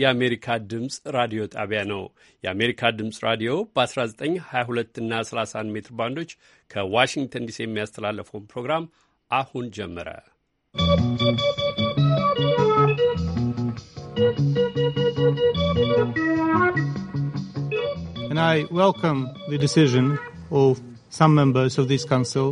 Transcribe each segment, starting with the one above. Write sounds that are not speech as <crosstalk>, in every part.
የአሜሪካ ድምፅ ራዲዮ ጣቢያ ነው። የአሜሪካ ድምፅ ራዲዮ በ1922 እና 31 ሜትር ባንዶች ከዋሽንግተን ዲሲ የሚያስተላለፈውን ፕሮግራም አሁን ጀመረ። And I welcome the decision of some members of this council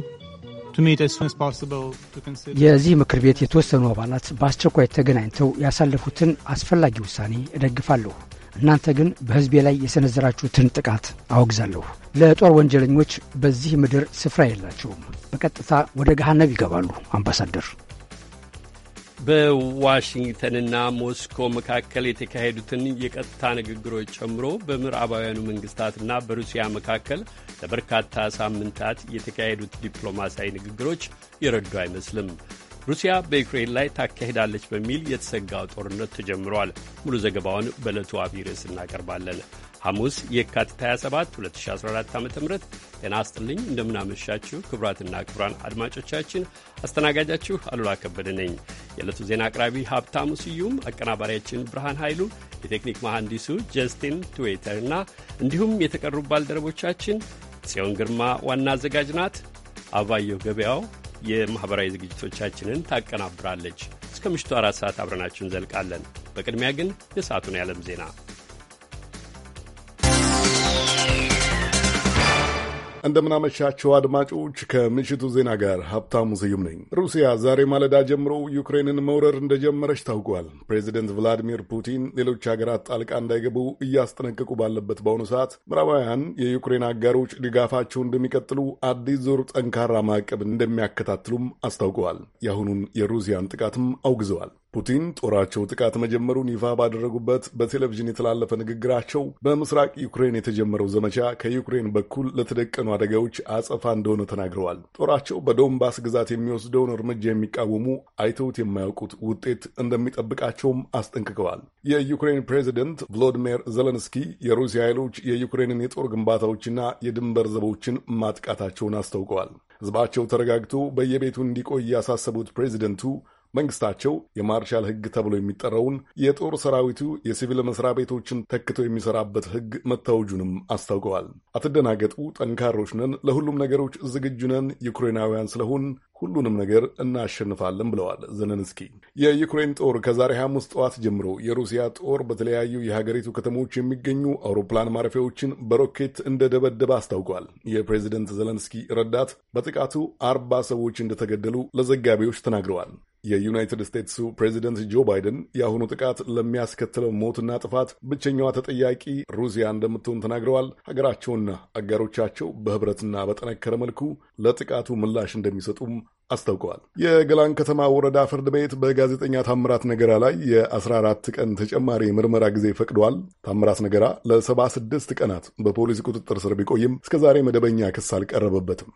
የዚህ ምክር ቤት የተወሰኑ አባላት በአስቸኳይ ተገናኝተው ያሳለፉትን አስፈላጊ ውሳኔ እደግፋለሁ። እናንተ ግን በሕዝቤ ላይ የሰነዘራችሁትን ጥቃት አወግዛለሁ። ለጦር ወንጀለኞች በዚህ ምድር ስፍራ የላቸውም። በቀጥታ ወደ ገሃነብ ይገባሉ። አምባሳደር በዋሽንግተንና ሞስኮ መካከል የተካሄዱትን የቀጥታ ንግግሮች ጨምሮ በምዕራባውያኑ መንግስታትና በሩሲያ መካከል ለበርካታ ሳምንታት የተካሄዱት ዲፕሎማሲያዊ ንግግሮች የረዱ አይመስልም። ሩሲያ በዩክሬን ላይ ታካሂዳለች በሚል የተሰጋው ጦርነት ተጀምሯል። ሙሉ ዘገባውን በዕለቱ አብይ ርዕስ እናቀርባለን። ሐሙስ የካቲት 27 2014 ዓ ም ጤና አስጥልኝ። እንደምናመሻችሁ ክቡራትና ክቡራን አድማጮቻችን አስተናጋጃችሁ አሉላ ከበደ ነኝ። የዕለቱ ዜና አቅራቢ ሀብታሙ ስዩም፣ አቀናባሪያችን ብርሃን ኃይሉ፣ የቴክኒክ መሐንዲሱ ጀስቲን ትዌተርና እንዲሁም የተቀሩ ባልደረቦቻችን ጽዮን ግርማ ዋና አዘጋጅ ናት። አባየሁ ገበያው የማኅበራዊ ዝግጅቶቻችንን ታቀናብራለች። እስከ ምሽቱ አራት ሰዓት አብረናችሁ እንዘልቃለን። በቅድሚያ ግን የሰዓቱን የዓለም ዜና እንደምናመሻቸው አድማጮች፣ ከምሽቱ ዜና ጋር ሀብታሙ ስዩም ነኝ። ሩሲያ ዛሬ ማለዳ ጀምሮ ዩክሬንን መውረር እንደጀመረች ታውቋል። ፕሬዚደንት ቭላዲሚር ፑቲን ሌሎች ሀገራት ጣልቃ እንዳይገቡ እያስጠነቀቁ ባለበት በአሁኑ ሰዓት ምዕራባውያን የዩክሬን አጋሮች ድጋፋቸውን እንደሚቀጥሉ፣ አዲስ ዙር ጠንካራ ማዕቀብ እንደሚያከታትሉም አስታውቀዋል። የአሁኑን የሩሲያን ጥቃትም አውግዘዋል። ፑቲን ጦራቸው ጥቃት መጀመሩን ይፋ ባደረጉበት በቴሌቪዥን የተላለፈ ንግግራቸው በምስራቅ ዩክሬን የተጀመረው ዘመቻ ከዩክሬን በኩል ለተደቀኑ አደጋዎች አጸፋ እንደሆነ ተናግረዋል። ጦራቸው በዶንባስ ግዛት የሚወስደውን እርምጃ የሚቃወሙ አይተውት የማያውቁት ውጤት እንደሚጠብቃቸውም አስጠንቅቀዋል። የዩክሬን ፕሬዚደንት ቮሎዲሚር ዘለንስኪ የሩሲያ ኃይሎች የዩክሬንን የጦር ግንባታዎችና የድንበር ዘቦችን ማጥቃታቸውን አስታውቀዋል። ሕዝባቸው ተረጋግቶ በየቤቱ እንዲቆይ ያሳሰቡት ፕሬዚደንቱ መንግስታቸው የማርሻል ህግ ተብሎ የሚጠራውን የጦር ሰራዊቱ የሲቪል መስሪያ ቤቶችን ተክቶ የሚሰራበት ህግ መታወጁንም አስታውቀዋል። አትደናገጡ፣ ጠንካሮች ነን፣ ለሁሉም ነገሮች ዝግጁ ነን፣ ዩክሬናውያን ስለሆን ሁሉንም ነገር እናሸንፋለን ብለዋል ዘለንስኪ። የዩክሬን ጦር ከዛሬ ሐሙስ ጠዋት ጀምሮ የሩሲያ ጦር በተለያዩ የሀገሪቱ ከተሞች የሚገኙ አውሮፕላን ማረፊያዎችን በሮኬት እንደደበደበ አስታውቋል። የፕሬዚደንት ዘለንስኪ ረዳት በጥቃቱ አርባ ሰዎች እንደተገደሉ ለዘጋቢዎች ተናግረዋል። የዩናይትድ ስቴትሱ ፕሬዚደንት ጆ ባይደን የአሁኑ ጥቃት ለሚያስከትለው ሞትና ጥፋት ብቸኛዋ ተጠያቂ ሩሲያ እንደምትሆን ተናግረዋል። ሀገራቸውና አጋሮቻቸው በህብረትና በጠነከረ መልኩ ለጥቃቱ ምላሽ እንደሚሰጡም አስታውቀዋል። የገላን ከተማ ወረዳ ፍርድ ቤት በጋዜጠኛ ታምራት ነገራ ላይ የ14 ቀን ተጨማሪ ምርመራ ጊዜ ፈቅደዋል። ታምራት ነገራ ለ76 ቀናት በፖሊስ ቁጥጥር ስር ቢቆይም እስከዛሬ መደበኛ ክስ አልቀረበበትም።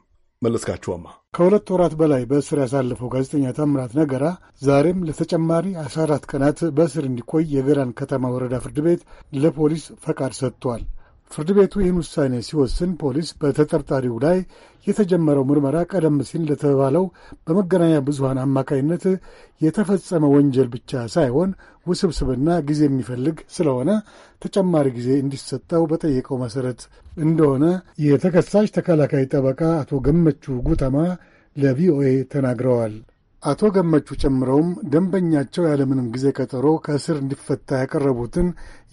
መለስካቸዋማ ከሁለት ወራት በላይ በእስር ያሳለፈው ጋዜጠኛ ታምራት ነገራ ዛሬም ለተጨማሪ 14 ቀናት በእስር እንዲቆይ የገራን ከተማ ወረዳ ፍርድ ቤት ለፖሊስ ፈቃድ ሰጥቷል። ፍርድ ቤቱ ይህን ውሳኔ ሲወስን ፖሊስ በተጠርጣሪው ላይ የተጀመረው ምርመራ ቀደም ሲል ለተባለው በመገናኛ ብዙሃን አማካይነት የተፈጸመ ወንጀል ብቻ ሳይሆን ውስብስብና ጊዜ የሚፈልግ ስለሆነ ተጨማሪ ጊዜ እንዲሰጠው በጠየቀው መሠረት እንደሆነ የተከሳሽ ተከላካይ ጠበቃ አቶ ገመቹ ጉተማ ለቪኦኤ ተናግረዋል። አቶ ገመቹ ጨምረውም ደንበኛቸው ያለምንም ጊዜ ቀጠሮ ከእስር እንዲፈታ ያቀረቡትን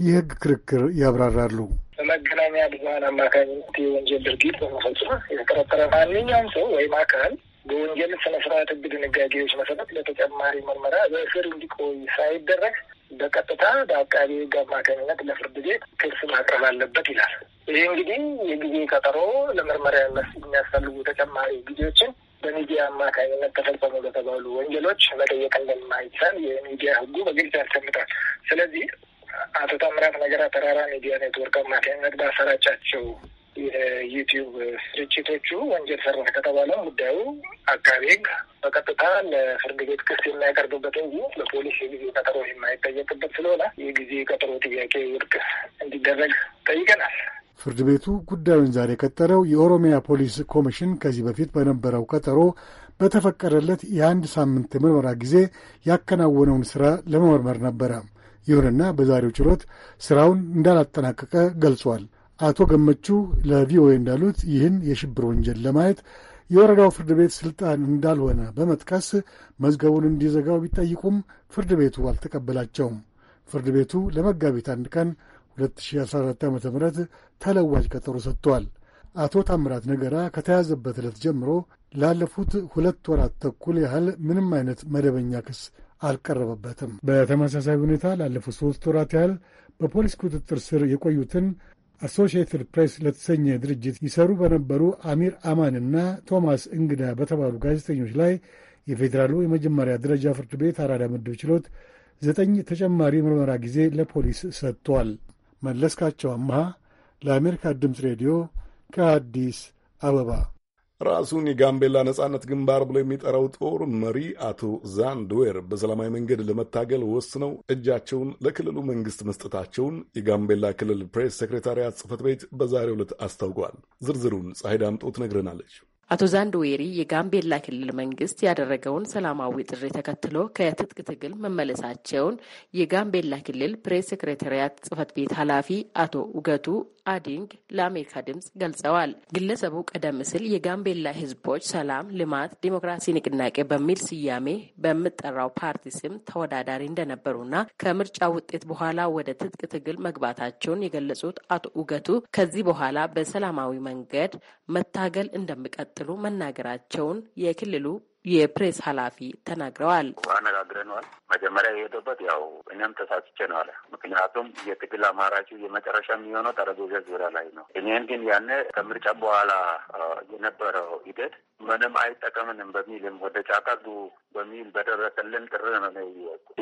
የሕግ ክርክር ያብራራሉ። በመገናኛ ብዙኃን አማካኝነት የወንጀል ድርጊት በመፈጸም የተጠረጠረ ማንኛውም ሰው ወይም አካል በወንጀል ስነ ስርዓት ሕግ ድንጋጌዎች መሰረት ለተጨማሪ ምርመራ በእስር እንዲቆይ ሳይደረግ በቀጥታ በአቃቤ ሕግ አማካኝነት ለፍርድ ቤት ክስ ማቅረብ አለበት ይላል። ይህ እንግዲህ የጊዜ ቀጠሮ ለምርመራ የሚያስፈልጉ ተጨማሪ ጊዜዎችን በሚዲያ አማካኝነት ተፈጸሙ በተባሉ ወንጀሎች መጠየቅ እንደማይቻል የሚዲያ ህጉ በግልጽ ያስቀምጣል። ስለዚህ አቶ ታምራት ነገራ ተራራ ሚዲያ ኔትወርክ አማካኝነት ባሰራጫቸው የዩቲዩብ ስርጭቶቹ ወንጀል ሰራ ከተባለ ጉዳዩ አቃቤ ህግ በቀጥታ ለፍርድ ቤት ክስ የሚያቀርብበት እንጂ ለፖሊስ የጊዜ ቀጠሮ የማይጠየቅበት ስለሆነ የጊዜ ቀጠሮ ጥያቄ ውድቅ እንዲደረግ ጠይቀናል። ፍርድ ቤቱ ጉዳዩን ዛሬ የቀጠለው የኦሮሚያ ፖሊስ ኮሚሽን ከዚህ በፊት በነበረው ቀጠሮ በተፈቀደለት የአንድ ሳምንት የምርመራ ጊዜ ያከናወነውን ሥራ ለመመርመር ነበረ። ይሁንና በዛሬው ችሎት ሥራውን እንዳላጠናቀቀ ገልጿል። አቶ ገመቹ ለቪኦኤ እንዳሉት ይህን የሽብር ወንጀል ለማየት የወረዳው ፍርድ ቤት ስልጣን እንዳልሆነ በመጥቀስ መዝገቡን እንዲዘጋው ቢጠይቁም ፍርድ ቤቱ አልተቀበላቸውም። ፍርድ ቤቱ ለመጋቢት አንድ ቀን 2014 ዓ ም ተለዋጅ ቀጠሮ ሰጥቷል። አቶ ታምራት ነገራ ከተያዘበት ዕለት ጀምሮ ላለፉት ሁለት ወራት ተኩል ያህል ምንም አይነት መደበኛ ክስ አልቀረበበትም። በተመሳሳይ ሁኔታ ላለፉት ሶስት ወራት ያህል በፖሊስ ቁጥጥር ስር የቆዩትን አሶሺየትድ ፕሬስ ለተሰኘ ድርጅት ይሰሩ በነበሩ አሚር አማን እና ቶማስ እንግዳ በተባሉ ጋዜጠኞች ላይ የፌዴራሉ የመጀመሪያ ደረጃ ፍርድ ቤት አራዳ ምድብ ችሎት ዘጠኝ ተጨማሪ ምርመራ ጊዜ ለፖሊስ ሰጥቷል። መለስካቸው አምሃ ለአሜሪካ ድምፅ ሬዲዮ ከአዲስ አበባ። ራሱን የጋምቤላ ነጻነት ግንባር ብሎ የሚጠራው ጦር መሪ አቶ ዛንድዌር በሰላማዊ መንገድ ለመታገል ወስነው እጃቸውን ለክልሉ መንግስት መስጠታቸውን የጋምቤላ ክልል ፕሬስ ሴክሬታሪያት ጽህፈት ቤት በዛሬው ዕለት አስታውቋል። ዝርዝሩን ፀሐይ ዳምጦ ትነግረናለች። አቶ ዛንድዌሪ የጋምቤላ ክልል መንግስት ያደረገውን ሰላማዊ ጥሪ ተከትሎ ከትጥቅ ትግል መመለሳቸውን የጋምቤላ ክልል ፕሬስ ሴክሬታሪያት ጽህፈት ቤት ኃላፊ አቶ ውገቱ አዲንግ ለአሜሪካ ድምጽ ገልጸዋል። ግለሰቡ ቀደም ሲል የጋምቤላ ህዝቦች ሰላም፣ ልማት፣ ዲሞክራሲ ንቅናቄ በሚል ስያሜ በሚጠራው ፓርቲ ስም ተወዳዳሪ እንደነበሩና ከምርጫ ውጤት በኋላ ወደ ትጥቅ ትግል መግባታቸውን የገለጹት አቶ ውገቱ ከዚህ በኋላ በሰላማዊ መንገድ መታገል እንደሚቀጥ እንደሚቀጥሉ መናገራቸውን የክልሉ የፕሬስ ኃላፊ ተናግረዋል። አነጋግረነዋል። መጀመሪያ የሄደበት ያው እኔም ተሳስቼ ነው አለ። ምክንያቱም የትግል አማራጩ የመጨረሻ የሚሆነው ጠረጴዛ ዙሪያ ላይ ነው። እኔን ግን ያኔ ከምርጫ በኋላ የነበረው ሂደት ምንም አይጠቀምንም በሚልም ወደ ጫካ ዱ በሚል በደረሰልን ጥር ነው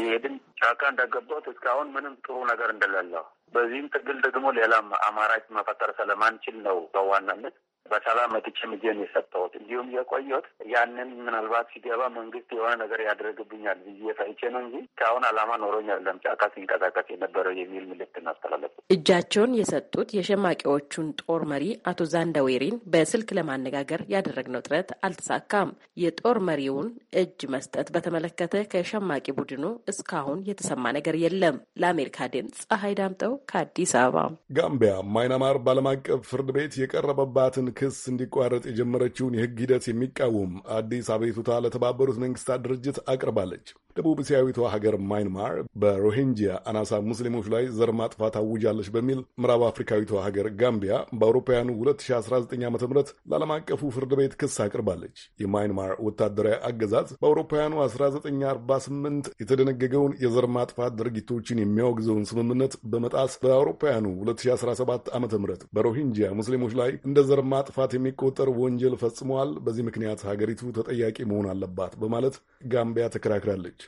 ይሄድን ጫካ እንደገባት እስካሁን ምንም ጥሩ ነገር እንደሌለው በዚህም ትግል ደግሞ ሌላም አማራጭ መፈጠር ስለማንችል ነው በዋናነት በሰላም መጥቼ ምጄን የሰጠሁት እንዲሁም የቆየሁት ያንን ምናልባት ሲገባ መንግስት የሆነ ነገር ያደረግብኛል ብዬ ፈይቼ ነው እንጂ ከአሁን አላማ ኖሮኝ ያለም ጫካ ሲንቀሳቀስ የነበረው የሚል ምልክት እናስተላለፉ። እጃቸውን የሰጡት የሸማቂዎቹን ጦር መሪ አቶ ዛንዳዌሪን በስልክ ለማነጋገር ያደረግነው ጥረት አልተሳካም። የጦር መሪውን እጅ መስጠት በተመለከተ ከሸማቂ ቡድኑ እስካሁን የተሰማ ነገር የለም። ለአሜሪካ ድምፅ ፀሐይ ዳምጠው ከአዲስ አበባ። ጋምቢያ ማይናማር ባለም አቀፍ ፍርድ ቤት የቀረበባትን ክስ እንዲቋረጥ የጀመረችውን የሕግ ሂደት የሚቃወም አዲስ አቤቱታ ለተባበሩት መንግስታት ድርጅት አቅርባለች። ደቡብ እስያዊቷ ሀገር ማይንማር በሮሂንጂያ አናሳ ሙስሊሞች ላይ ዘር ማጥፋት አውጃለች በሚል ምዕራብ አፍሪካዊቷ ሀገር ጋምቢያ በአውሮፓውያኑ 2019 ዓ ም ለዓለም አቀፉ ፍርድ ቤት ክስ አቅርባለች። የማይንማር ወታደራዊ አገዛዝ በአውሮፓውያኑ 1948 የተደነገገውን የዘር ማጥፋት ድርጊቶችን የሚያወግዘውን ስምምነት በመጣስ በአውሮፓውያኑ 2017 ዓ ም በሮሂንጂያ ሙስሊሞች ላይ እንደ ዘር ማጥፋት የሚቆጠር ወንጀል ፈጽመዋል። በዚህ ምክንያት ሀገሪቱ ተጠያቂ መሆን አለባት በማለት ጋምቢያ ተከራክራለች።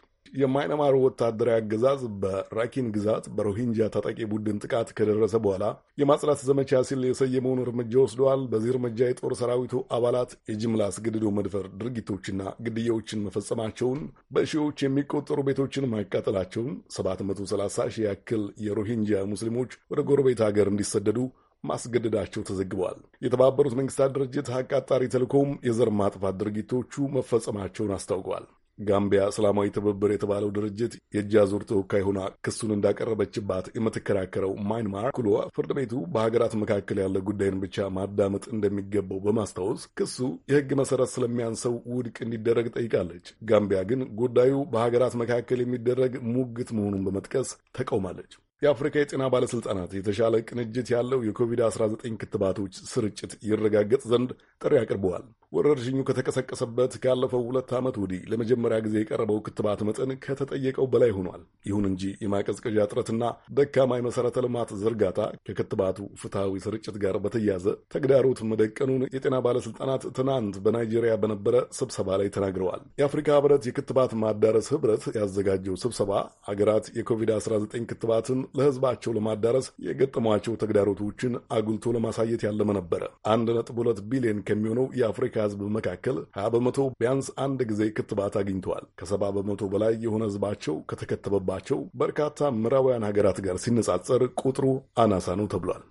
የማይናማሩ ወታደራዊ አገዛዝ በራኪን ግዛት በሮሂንጃ ታጣቂ ቡድን ጥቃት ከደረሰ በኋላ የማጽዳት ዘመቻ ሲል የሰየመውን እርምጃ ወስደዋል። በዚህ እርምጃ የጦር ሰራዊቱ አባላት የጅምላ አስገድዶ መድፈር ድርጊቶችና ግድያዎችን መፈጸማቸውን፣ በሺዎች የሚቆጠሩ ቤቶችን ማቃጠላቸውን፣ 730 ሺህ ያክል የሮሂንጃ ሙስሊሞች ወደ ጎረቤት ሀገር እንዲሰደዱ ማስገደዳቸው ተዘግበዋል። የተባበሩት መንግስታት ድርጅት አቃጣሪ ተልእኮውም የዘር ማጥፋት ድርጊቶቹ መፈጸማቸውን አስታውቀዋል። ጋምቢያ ሰላማዊ ትብብር የተባለው ድርጅት የእጅ አዙር ተወካይ ሆና ክሱን እንዳቀረበችባት የምትከራከረው ማይንማር ክሏ ፍርድ ቤቱ በሀገራት መካከል ያለ ጉዳይን ብቻ ማዳመጥ እንደሚገባው በማስታወስ ክሱ የህግ መሰረት ስለሚያንሰው ውድቅ እንዲደረግ ጠይቃለች። ጋምቢያ ግን ጉዳዩ በሀገራት መካከል የሚደረግ ሙግት መሆኑን በመጥቀስ ተቃውማለች። የአፍሪካ የጤና ባለስልጣናት የተሻለ ቅንጅት ያለው የኮቪድ-19 ክትባቶች ስርጭት ይረጋገጥ ዘንድ ጥሪ አቅርበዋል። ወረርሽኙ ከተቀሰቀሰበት ካለፈው ሁለት ዓመት ወዲህ ለመጀመሪያ ጊዜ የቀረበው ክትባት መጠን ከተጠየቀው በላይ ሆኗል። ይሁን እንጂ የማቀዝቀዣ እጥረትና ደካማ የመሠረተ ልማት ዝርጋታ ከክትባቱ ፍትሐዊ ስርጭት ጋር በተያያዘ ተግዳሮት መደቀኑን የጤና ባለስልጣናት ትናንት በናይጄሪያ በነበረ ስብሰባ ላይ ተናግረዋል። የአፍሪካ ህብረት የክትባት ማዳረስ ህብረት ያዘጋጀው ስብሰባ አገራት የኮቪድ-19 ክትባትን ለህዝባቸው ለማዳረስ የገጠሟቸው ተግዳሮቶችን አጉልቶ ለማሳየት ያለመ ነበረ። አንድ ነጥብ ሁለት ቢሊዮን ከሚሆነው የአፍሪካ ህዝብ መካከል ሀያ በመቶ ቢያንስ አንድ ጊዜ ክትባት አግኝተዋል። ከሰባ በመቶ በላይ የሆነ ህዝባቸው ከተከተበባቸው በርካታ ምዕራባውያን ሀገራት ጋር ሲነጻጸር ቁጥሩ አናሳ ነው ተብሏል።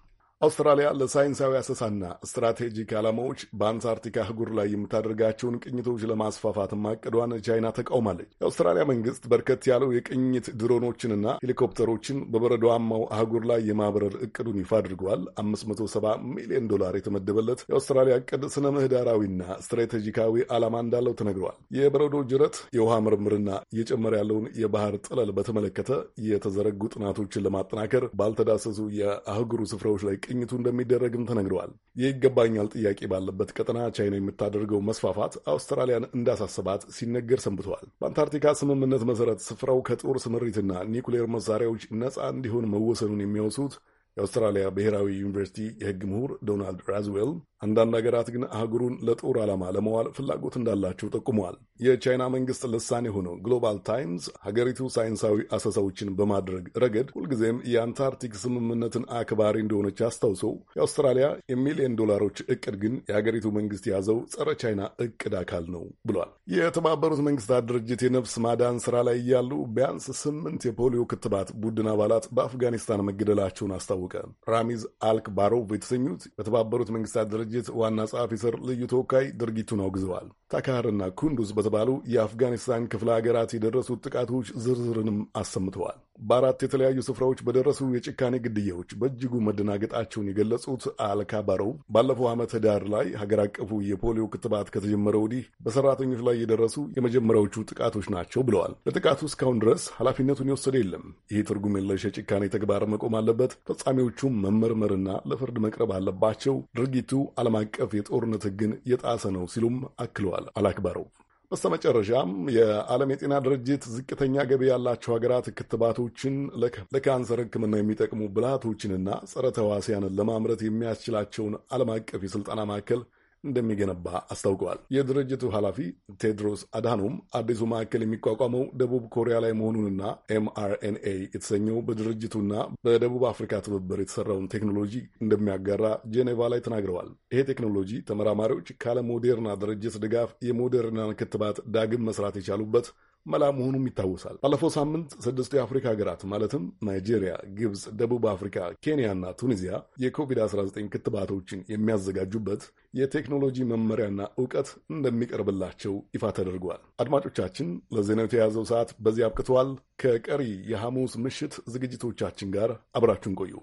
አውስትራሊያ ለሳይንሳዊ አሰሳና ስትራቴጂክ ዓላማዎች በአንታርክቲካ አህጉር ላይ የምታደርጋቸውን ቅኝቶች ለማስፋፋት ማቀዷን ቻይና ተቃውማለች። የአውስትራሊያ መንግስት በርከት ያለው የቅኝት ድሮኖችንና ሄሊኮፕተሮችን በበረዶማው አህጉር ላይ የማብረር እቅዱን ይፋ አድርገዋል። 570 ሚሊዮን ዶላር የተመደበለት የአውስትራሊያ እቅድ ስነ ምህዳራዊና ስትራቴጂካዊ ዓላማ እንዳለው ተነግረዋል። የበረዶ ጅረት፣ የውሃ ምርምርና እየጨመረ ያለውን የባህር ጥለል በተመለከተ የተዘረጉ ጥናቶችን ለማጠናከር ባልተዳሰሱ የአህጉሩ ስፍራዎች ላይ ቅኝቱ እንደሚደረግም ተነግረዋል። የይገባኛል ጥያቄ ባለበት ቀጠና ቻይና የምታደርገው መስፋፋት አውስትራሊያን እንዳሳሰባት ሲነገር ሰንብተዋል። በአንታርክቲካ ስምምነት መሠረት ስፍራው ከጦር ስምሪትና ኒውክሌር መሳሪያዎች ነፃ እንዲሆን መወሰኑን የሚያወሱት የአውስትራሊያ ብሔራዊ ዩኒቨርሲቲ የሕግ ምሁር ዶናልድ ራዝዌል አንዳንድ ሀገራት ግን አህጉሩን ለጦር ዓላማ ለመዋል ፍላጎት እንዳላቸው ጠቁመዋል። የቻይና መንግስት ልሳን የሆነው ግሎባል ታይምስ ሀገሪቱ ሳይንሳዊ አሰሳዎችን በማድረግ ረገድ ሁልጊዜም የአንታርክቲክ ስምምነትን አክባሪ እንደሆነች አስታውሰው የአውስትራሊያ የሚሊዮን ዶላሮች እቅድ ግን የሀገሪቱ መንግስት የያዘው ጸረ ቻይና እቅድ አካል ነው ብሏል። የተባበሩት መንግስታት ድርጅት የነፍስ ማዳን ስራ ላይ ያሉ ቢያንስ ስምንት የፖሊዮ ክትባት ቡድን አባላት በአፍጋኒስታን መገደላቸውን አስታወ አስታወቀ። ራሚዝ አልክባሮቭ የተሰኙት በተባበሩት መንግስታት ድርጅት ዋና ጸሐፊ ስር ልዩ ተወካይ ድርጊቱን አውግዘዋል። ታካርና ኩንዱዝ በተባሉ የአፍጋኒስታን ክፍለ ሀገራት የደረሱት ጥቃቶች ዝርዝርንም አሰምተዋል። በአራት የተለያዩ ስፍራዎች በደረሱ የጭካኔ ግድያዎች በእጅጉ መደናገጣቸውን የገለጹት አልካባሮቭ ባለፈው ዓመት ህዳር ላይ ሀገር አቀፉ የፖሊዮ ክትባት ከተጀመረ ወዲህ በሰራተኞች ላይ የደረሱ የመጀመሪያዎቹ ጥቃቶች ናቸው ብለዋል። ለጥቃቱ እስካሁን ድረስ ኃላፊነቱን የወሰደ የለም። ይህ ትርጉም የለሽ የጭካኔ ተግባር መቆም አለበት፣ ፈጻሚዎቹም መመርመርና ለፍርድ መቅረብ አለባቸው። ድርጊቱ ዓለም አቀፍ የጦርነት ህግን የጣሰ ነው ሲሉም አክለዋል አልአክባሮቭ በስተመጨረሻም የዓለም የጤና ድርጅት ዝቅተኛ ገቢ ያላቸው ሀገራት ክትባቶችን ለካንሰር ሕክምና የሚጠቅሙ ብልሃቶችንና ጸረ ተዋሲያንን ለማምረት የሚያስችላቸውን ዓለም አቀፍ የሥልጠና ማዕከል እንደሚገነባ አስታውቀዋል። የድርጅቱ ኃላፊ ቴድሮስ አድሃኖም አዲሱ ማዕከል የሚቋቋመው ደቡብ ኮሪያ ላይ መሆኑንና ኤምአርኤንኤ የተሰኘው በድርጅቱና በደቡብ አፍሪካ ትብብር የተሰራውን ቴክኖሎጂ እንደሚያጋራ ጄኔቫ ላይ ተናግረዋል። ይሄ ቴክኖሎጂ ተመራማሪዎች ካለ ሞዴርና ድርጅት ድጋፍ የሞዴርናን ክትባት ዳግም መስራት የቻሉበት መላ መሆኑም ይታወሳል። ባለፈው ሳምንት ስድስቱ የአፍሪካ ሀገራት ማለትም ናይጄሪያ፣ ግብፅ፣ ደቡብ አፍሪካ፣ ኬንያ እና ቱኒዚያ የኮቪድ-19 ክትባቶችን የሚያዘጋጁበት የቴክኖሎጂ መመሪያና እውቀት እንደሚቀርብላቸው ይፋ ተደርጓል። አድማጮቻችን፣ ለዜናው የተያዘው ሰዓት በዚህ አብቅተዋል። ከቀሪ የሐሙስ ምሽት ዝግጅቶቻችን ጋር አብራችሁን ቆዩ።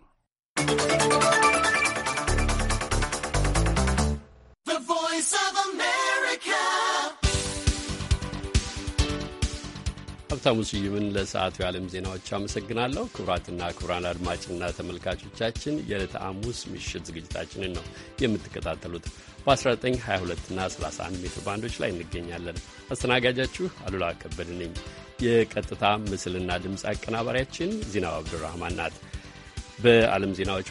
ሀብታሙ ስዩምን ለሰዓቱ የዓለም ዜናዎች አመሰግናለሁ። ክቡራትና ክቡራን አድማጭና ተመልካቾቻችን የዕለተ ሐሙስ ምሽት ዝግጅታችንን ነው የምትከታተሉት። በ1922ና 31 ሜትር ባንዶች ላይ እንገኛለን። አስተናጋጃችሁ አሉላ ከበድ ነኝ። የቀጥታ ምስልና ድምፅ አቀናባሪያችን ዚናው አብዱራህማን ናት። በዓለም ዜናዎች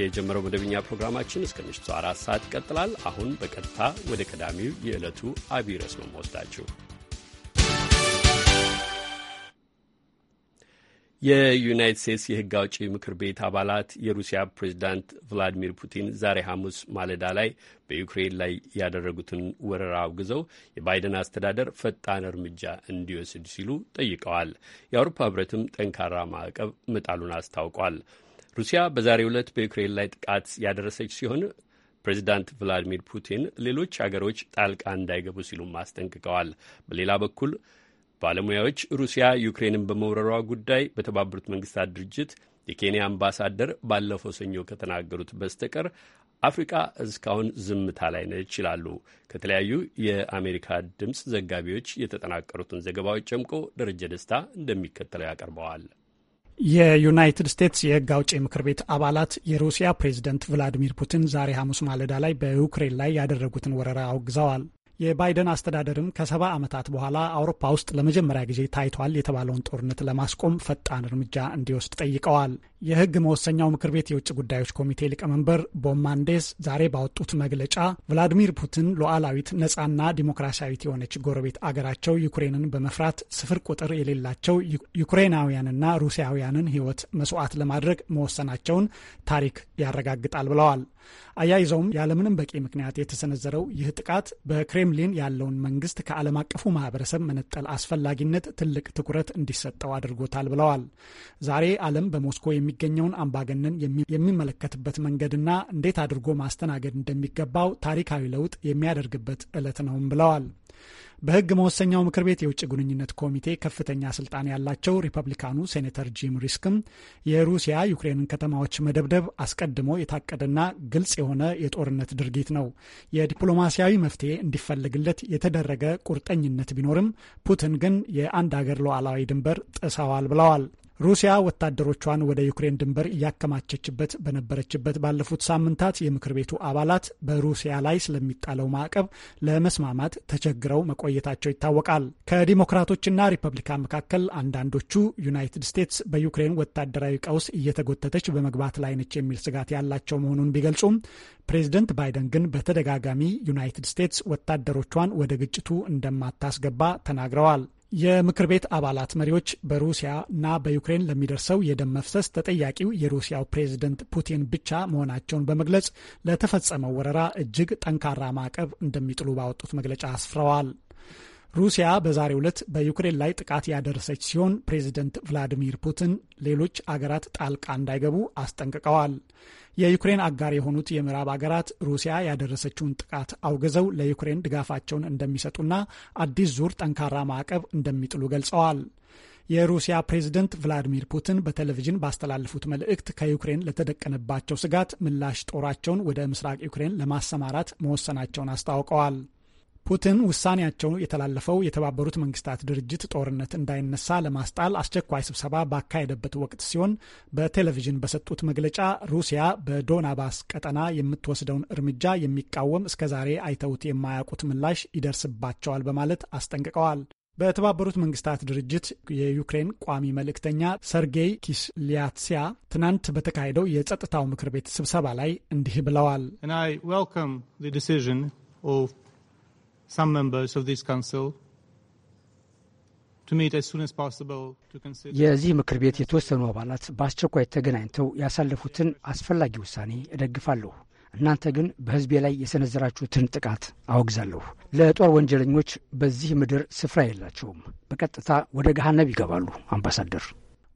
የጀመረው መደበኛ ፕሮግራማችን እስከ ምሽቱ አራት ሰዓት ይቀጥላል። አሁን በቀጥታ ወደ ቀዳሚው የዕለቱ አብይ ርዕስ ነው መወስዳችሁ የዩናይት ስቴትስ የህግ አውጪ ምክር ቤት አባላት የሩሲያ ፕሬዚዳንት ቭላዲሚር ፑቲን ዛሬ ሐሙስ ማለዳ ላይ በዩክሬን ላይ ያደረጉትን ወረራ አውግዘው የባይደን አስተዳደር ፈጣን እርምጃ እንዲወስድ ሲሉ ጠይቀዋል። የአውሮፓ ህብረትም ጠንካራ ማዕቀብ መጣሉን አስታውቋል። ሩሲያ በዛሬ ዕለት በዩክሬን ላይ ጥቃት ያደረሰች ሲሆን ፕሬዚዳንት ቭላዲሚር ፑቲን ሌሎች አገሮች ጣልቃ እንዳይገቡ ሲሉም አስጠንቅቀዋል። በሌላ በኩል ባለሙያዎች ሩሲያ ዩክሬንን በመውረሯ ጉዳይ በተባበሩት መንግስታት ድርጅት የኬንያ አምባሳደር ባለፈው ሰኞ ከተናገሩት በስተቀር አፍሪቃ እስካሁን ዝምታ ላይ ነች ይላሉ። ከተለያዩ የአሜሪካ ድምፅ ዘጋቢዎች የተጠናቀሩትን ዘገባዎች ጨምቆ ደረጀ ደስታ እንደሚከተለው ያቀርበዋል። የዩናይትድ ስቴትስ የህግ አውጪ ምክር ቤት አባላት የሩሲያ ፕሬዝደንት ቭላዲሚር ፑቲን ዛሬ ሐሙስ ማለዳ ላይ በዩክሬን ላይ ያደረጉትን ወረራ አውግዘዋል። የባይደን አስተዳደርም ከሰባ ዓመታት በኋላ አውሮፓ ውስጥ ለመጀመሪያ ጊዜ ታይቷል የተባለውን ጦርነት ለማስቆም ፈጣን እርምጃ እንዲወስድ ጠይቀዋል። የሕግ መወሰኛው ምክር ቤት የውጭ ጉዳዮች ኮሚቴ ሊቀመንበር ቦማንዴስ ዛሬ ባወጡት መግለጫ ቭላዲሚር ፑቲን ሉዓላዊት፣ ነጻና ዲሞክራሲያዊት የሆነች ጎረቤት አገራቸው ዩክሬንን በመፍራት ስፍር ቁጥር የሌላቸው ዩክሬናውያንና ሩሲያውያንን ሕይወት መስዋዕት ለማድረግ መወሰናቸውን ታሪክ ያረጋግጣል ብለዋል። አያይዘውም ያለምንም በቂ ምክንያት የተሰነዘረው ይህ ጥቃት በክሬምሊን ያለውን መንግስት ከዓለም አቀፉ ማህበረሰብ መነጠል አስፈላጊነት ትልቅ ትኩረት እንዲሰጠው አድርጎታል ብለዋል። ዛሬ ዓለም በሞስኮ የሚገኘውን አምባገነን የሚመለከትበት መንገድና እንዴት አድርጎ ማስተናገድ እንደሚገባው ታሪካዊ ለውጥ የሚያደርግበት ዕለት ነውም ብለዋል። በሕግ መወሰኛው ምክር ቤት የውጭ ግንኙነት ኮሚቴ ከፍተኛ ስልጣን ያላቸው ሪፐብሊካኑ ሴኔተር ጂም ሪስክም የሩሲያ ዩክሬንን ከተማዎች መደብደብ አስቀድሞ የታቀደና ግልጽ የሆነ የጦርነት ድርጊት ነው፣ የዲፕሎማሲያዊ መፍትሄ እንዲፈለግለት የተደረገ ቁርጠኝነት ቢኖርም ፑቲን ግን የአንድ አገር ሉዓላዊ ድንበር ጥሰዋል ብለዋል። ሩሲያ ወታደሮቿን ወደ ዩክሬን ድንበር እያከማቸችበት በነበረችበት ባለፉት ሳምንታት የምክር ቤቱ አባላት በሩሲያ ላይ ስለሚጣለው ማዕቀብ ለመስማማት ተቸግረው መቆየታቸው ይታወቃል። ከዲሞክራቶችና ሪፐብሊካን መካከል አንዳንዶቹ ዩናይትድ ስቴትስ በዩክሬን ወታደራዊ ቀውስ እየተጎተተች በመግባት ላይ ነች የሚል ስጋት ያላቸው መሆኑን ቢገልጹም ፕሬዚደንት ባይደን ግን በተደጋጋሚ ዩናይትድ ስቴትስ ወታደሮቿን ወደ ግጭቱ እንደማታስገባ ተናግረዋል። የምክር ቤት አባላት መሪዎች በሩሲያ እና በዩክሬን ለሚደርሰው የደም መፍሰስ ተጠያቂው የሩሲያው ፕሬዝደንት ፑቲን ብቻ መሆናቸውን በመግለጽ ለተፈጸመው ወረራ እጅግ ጠንካራ ማዕቀብ እንደሚጥሉ ባወጡት መግለጫ አስፍረዋል። ሩሲያ በዛሬው ዕለት በዩክሬን ላይ ጥቃት ያደረሰች ሲሆን ፕሬዚደንት ቭላዲሚር ፑቲን ሌሎች አገራት ጣልቃ እንዳይገቡ አስጠንቅቀዋል። የዩክሬን አጋር የሆኑት የምዕራብ አገራት ሩሲያ ያደረሰችውን ጥቃት አውግዘው ለዩክሬን ድጋፋቸውን እንደሚሰጡና አዲስ ዙር ጠንካራ ማዕቀብ እንደሚጥሉ ገልጸዋል። የሩሲያ ፕሬዝደንት ቭላዲሚር ፑቲን በቴሌቪዥን ባስተላለፉት መልእክት ከዩክሬን ለተደቀነባቸው ስጋት ምላሽ ጦራቸውን ወደ ምስራቅ ዩክሬን ለማሰማራት መወሰናቸውን አስታውቀዋል። ፑቲን ውሳኔያቸው የተላለፈው የተባበሩት መንግስታት ድርጅት ጦርነት እንዳይነሳ ለማስጣል አስቸኳይ ስብሰባ ባካሄደበት ወቅት ሲሆን በቴሌቪዥን በሰጡት መግለጫ ሩሲያ በዶናባስ ቀጠና የምትወስደውን እርምጃ የሚቃወም እስከዛሬ አይተውት የማያውቁት ምላሽ ይደርስባቸዋል በማለት አስጠንቅቀዋል። በተባበሩት መንግስታት ድርጅት የዩክሬን ቋሚ መልእክተኛ ሰርጌይ ኪስሊያትሲያ ትናንት በተካሄደው የጸጥታው ምክር ቤት ስብሰባ ላይ እንዲህ ብለዋል። some members of this council የዚህ ምክር ቤት የተወሰኑ አባላት በአስቸኳይ ተገናኝተው ያሳለፉትን አስፈላጊ ውሳኔ እደግፋለሁ። እናንተ ግን በሕዝቤ ላይ የሰነዘራችሁትን ጥቃት አወግዛለሁ። ለጦር ወንጀለኞች በዚህ ምድር ስፍራ የላቸውም። በቀጥታ ወደ ገሃነብ ይገባሉ። አምባሳደር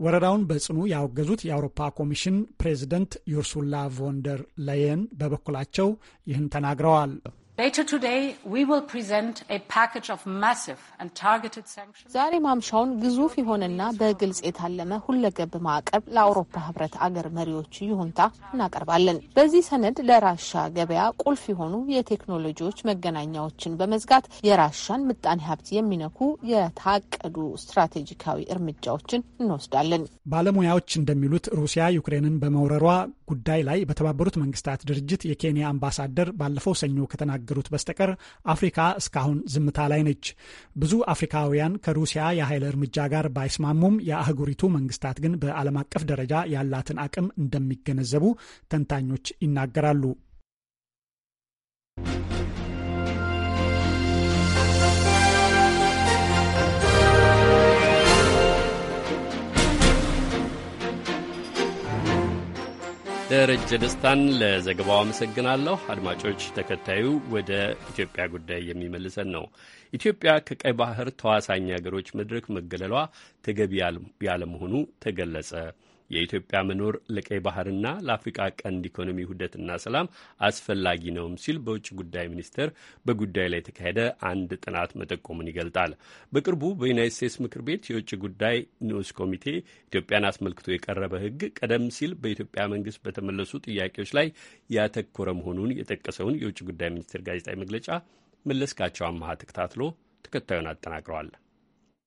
ወረራውን በጽኑ ያወገዙት የአውሮፓ ኮሚሽን ፕሬዚደንት ዩርሱላ ቮንደር ላየን በበኩላቸው ይህን ተናግረዋል። ዛሬ ማምሻውን ግዙፍ የሆነና በግልጽ የታለመ ሁለገብ ማዕቀብ ለአውሮፓ ህብረት አገር መሪዎች ይሁንታ እናቀርባለን። በዚህ ሰነድ ለራሻ ገበያ ቁልፍ የሆኑ የቴክኖሎጂዎች መገናኛዎችን በመዝጋት የራሻን ምጣኔ ሀብት የሚነኩ የታቀዱ ስትራቴጂካዊ እርምጃዎችን እንወስዳለን። ባለሙያዎች እንደሚሉት ሩሲያ ዩክሬንን በመውረሯ ጉዳይ ላይ በተባበሩት መንግስታት ድርጅት የኬንያ አምባሳደር ባለፈው ሰኞ ከተናገ ከተናገሩት በስተቀር አፍሪካ እስካሁን ዝምታ ላይ ነች። ብዙ አፍሪካውያን ከሩሲያ የኃይል እርምጃ ጋር ባይስማሙም የአህጉሪቱ መንግስታት ግን በዓለም አቀፍ ደረጃ ያላትን አቅም እንደሚገነዘቡ ተንታኞች ይናገራሉ። ደረጀ ደስታን ለዘገባው አመሰግናለሁ። አድማጮች፣ ተከታዩ ወደ ኢትዮጵያ ጉዳይ የሚመልሰን ነው። ኢትዮጵያ ከቀይ ባህር ተዋሳኝ ሀገሮች መድረክ መገለሏ ተገቢ ያለመሆኑ ተገለጸ። የኢትዮጵያ መኖር ለቀይ ባህርና ለአፍሪቃ ቀንድ ኢኮኖሚ ውህደትና ሰላም አስፈላጊ ነውም ሲል በውጭ ጉዳይ ሚኒስቴር በጉዳዩ ላይ የተካሄደ አንድ ጥናት መጠቆሙን ይገልጣል። በቅርቡ በዩናይት ስቴትስ ምክር ቤት የውጭ ጉዳይ ንዑስ ኮሚቴ ኢትዮጵያን አስመልክቶ የቀረበ ሕግ ቀደም ሲል በኢትዮጵያ መንግስት በተመለሱ ጥያቄዎች ላይ ያተኮረ መሆኑን የጠቀሰውን የውጭ ጉዳይ ሚኒስቴር ጋዜጣዊ መግለጫ መለስካቸው አመሀ ተከታትሎ ተከታዩን አጠናቅረዋል።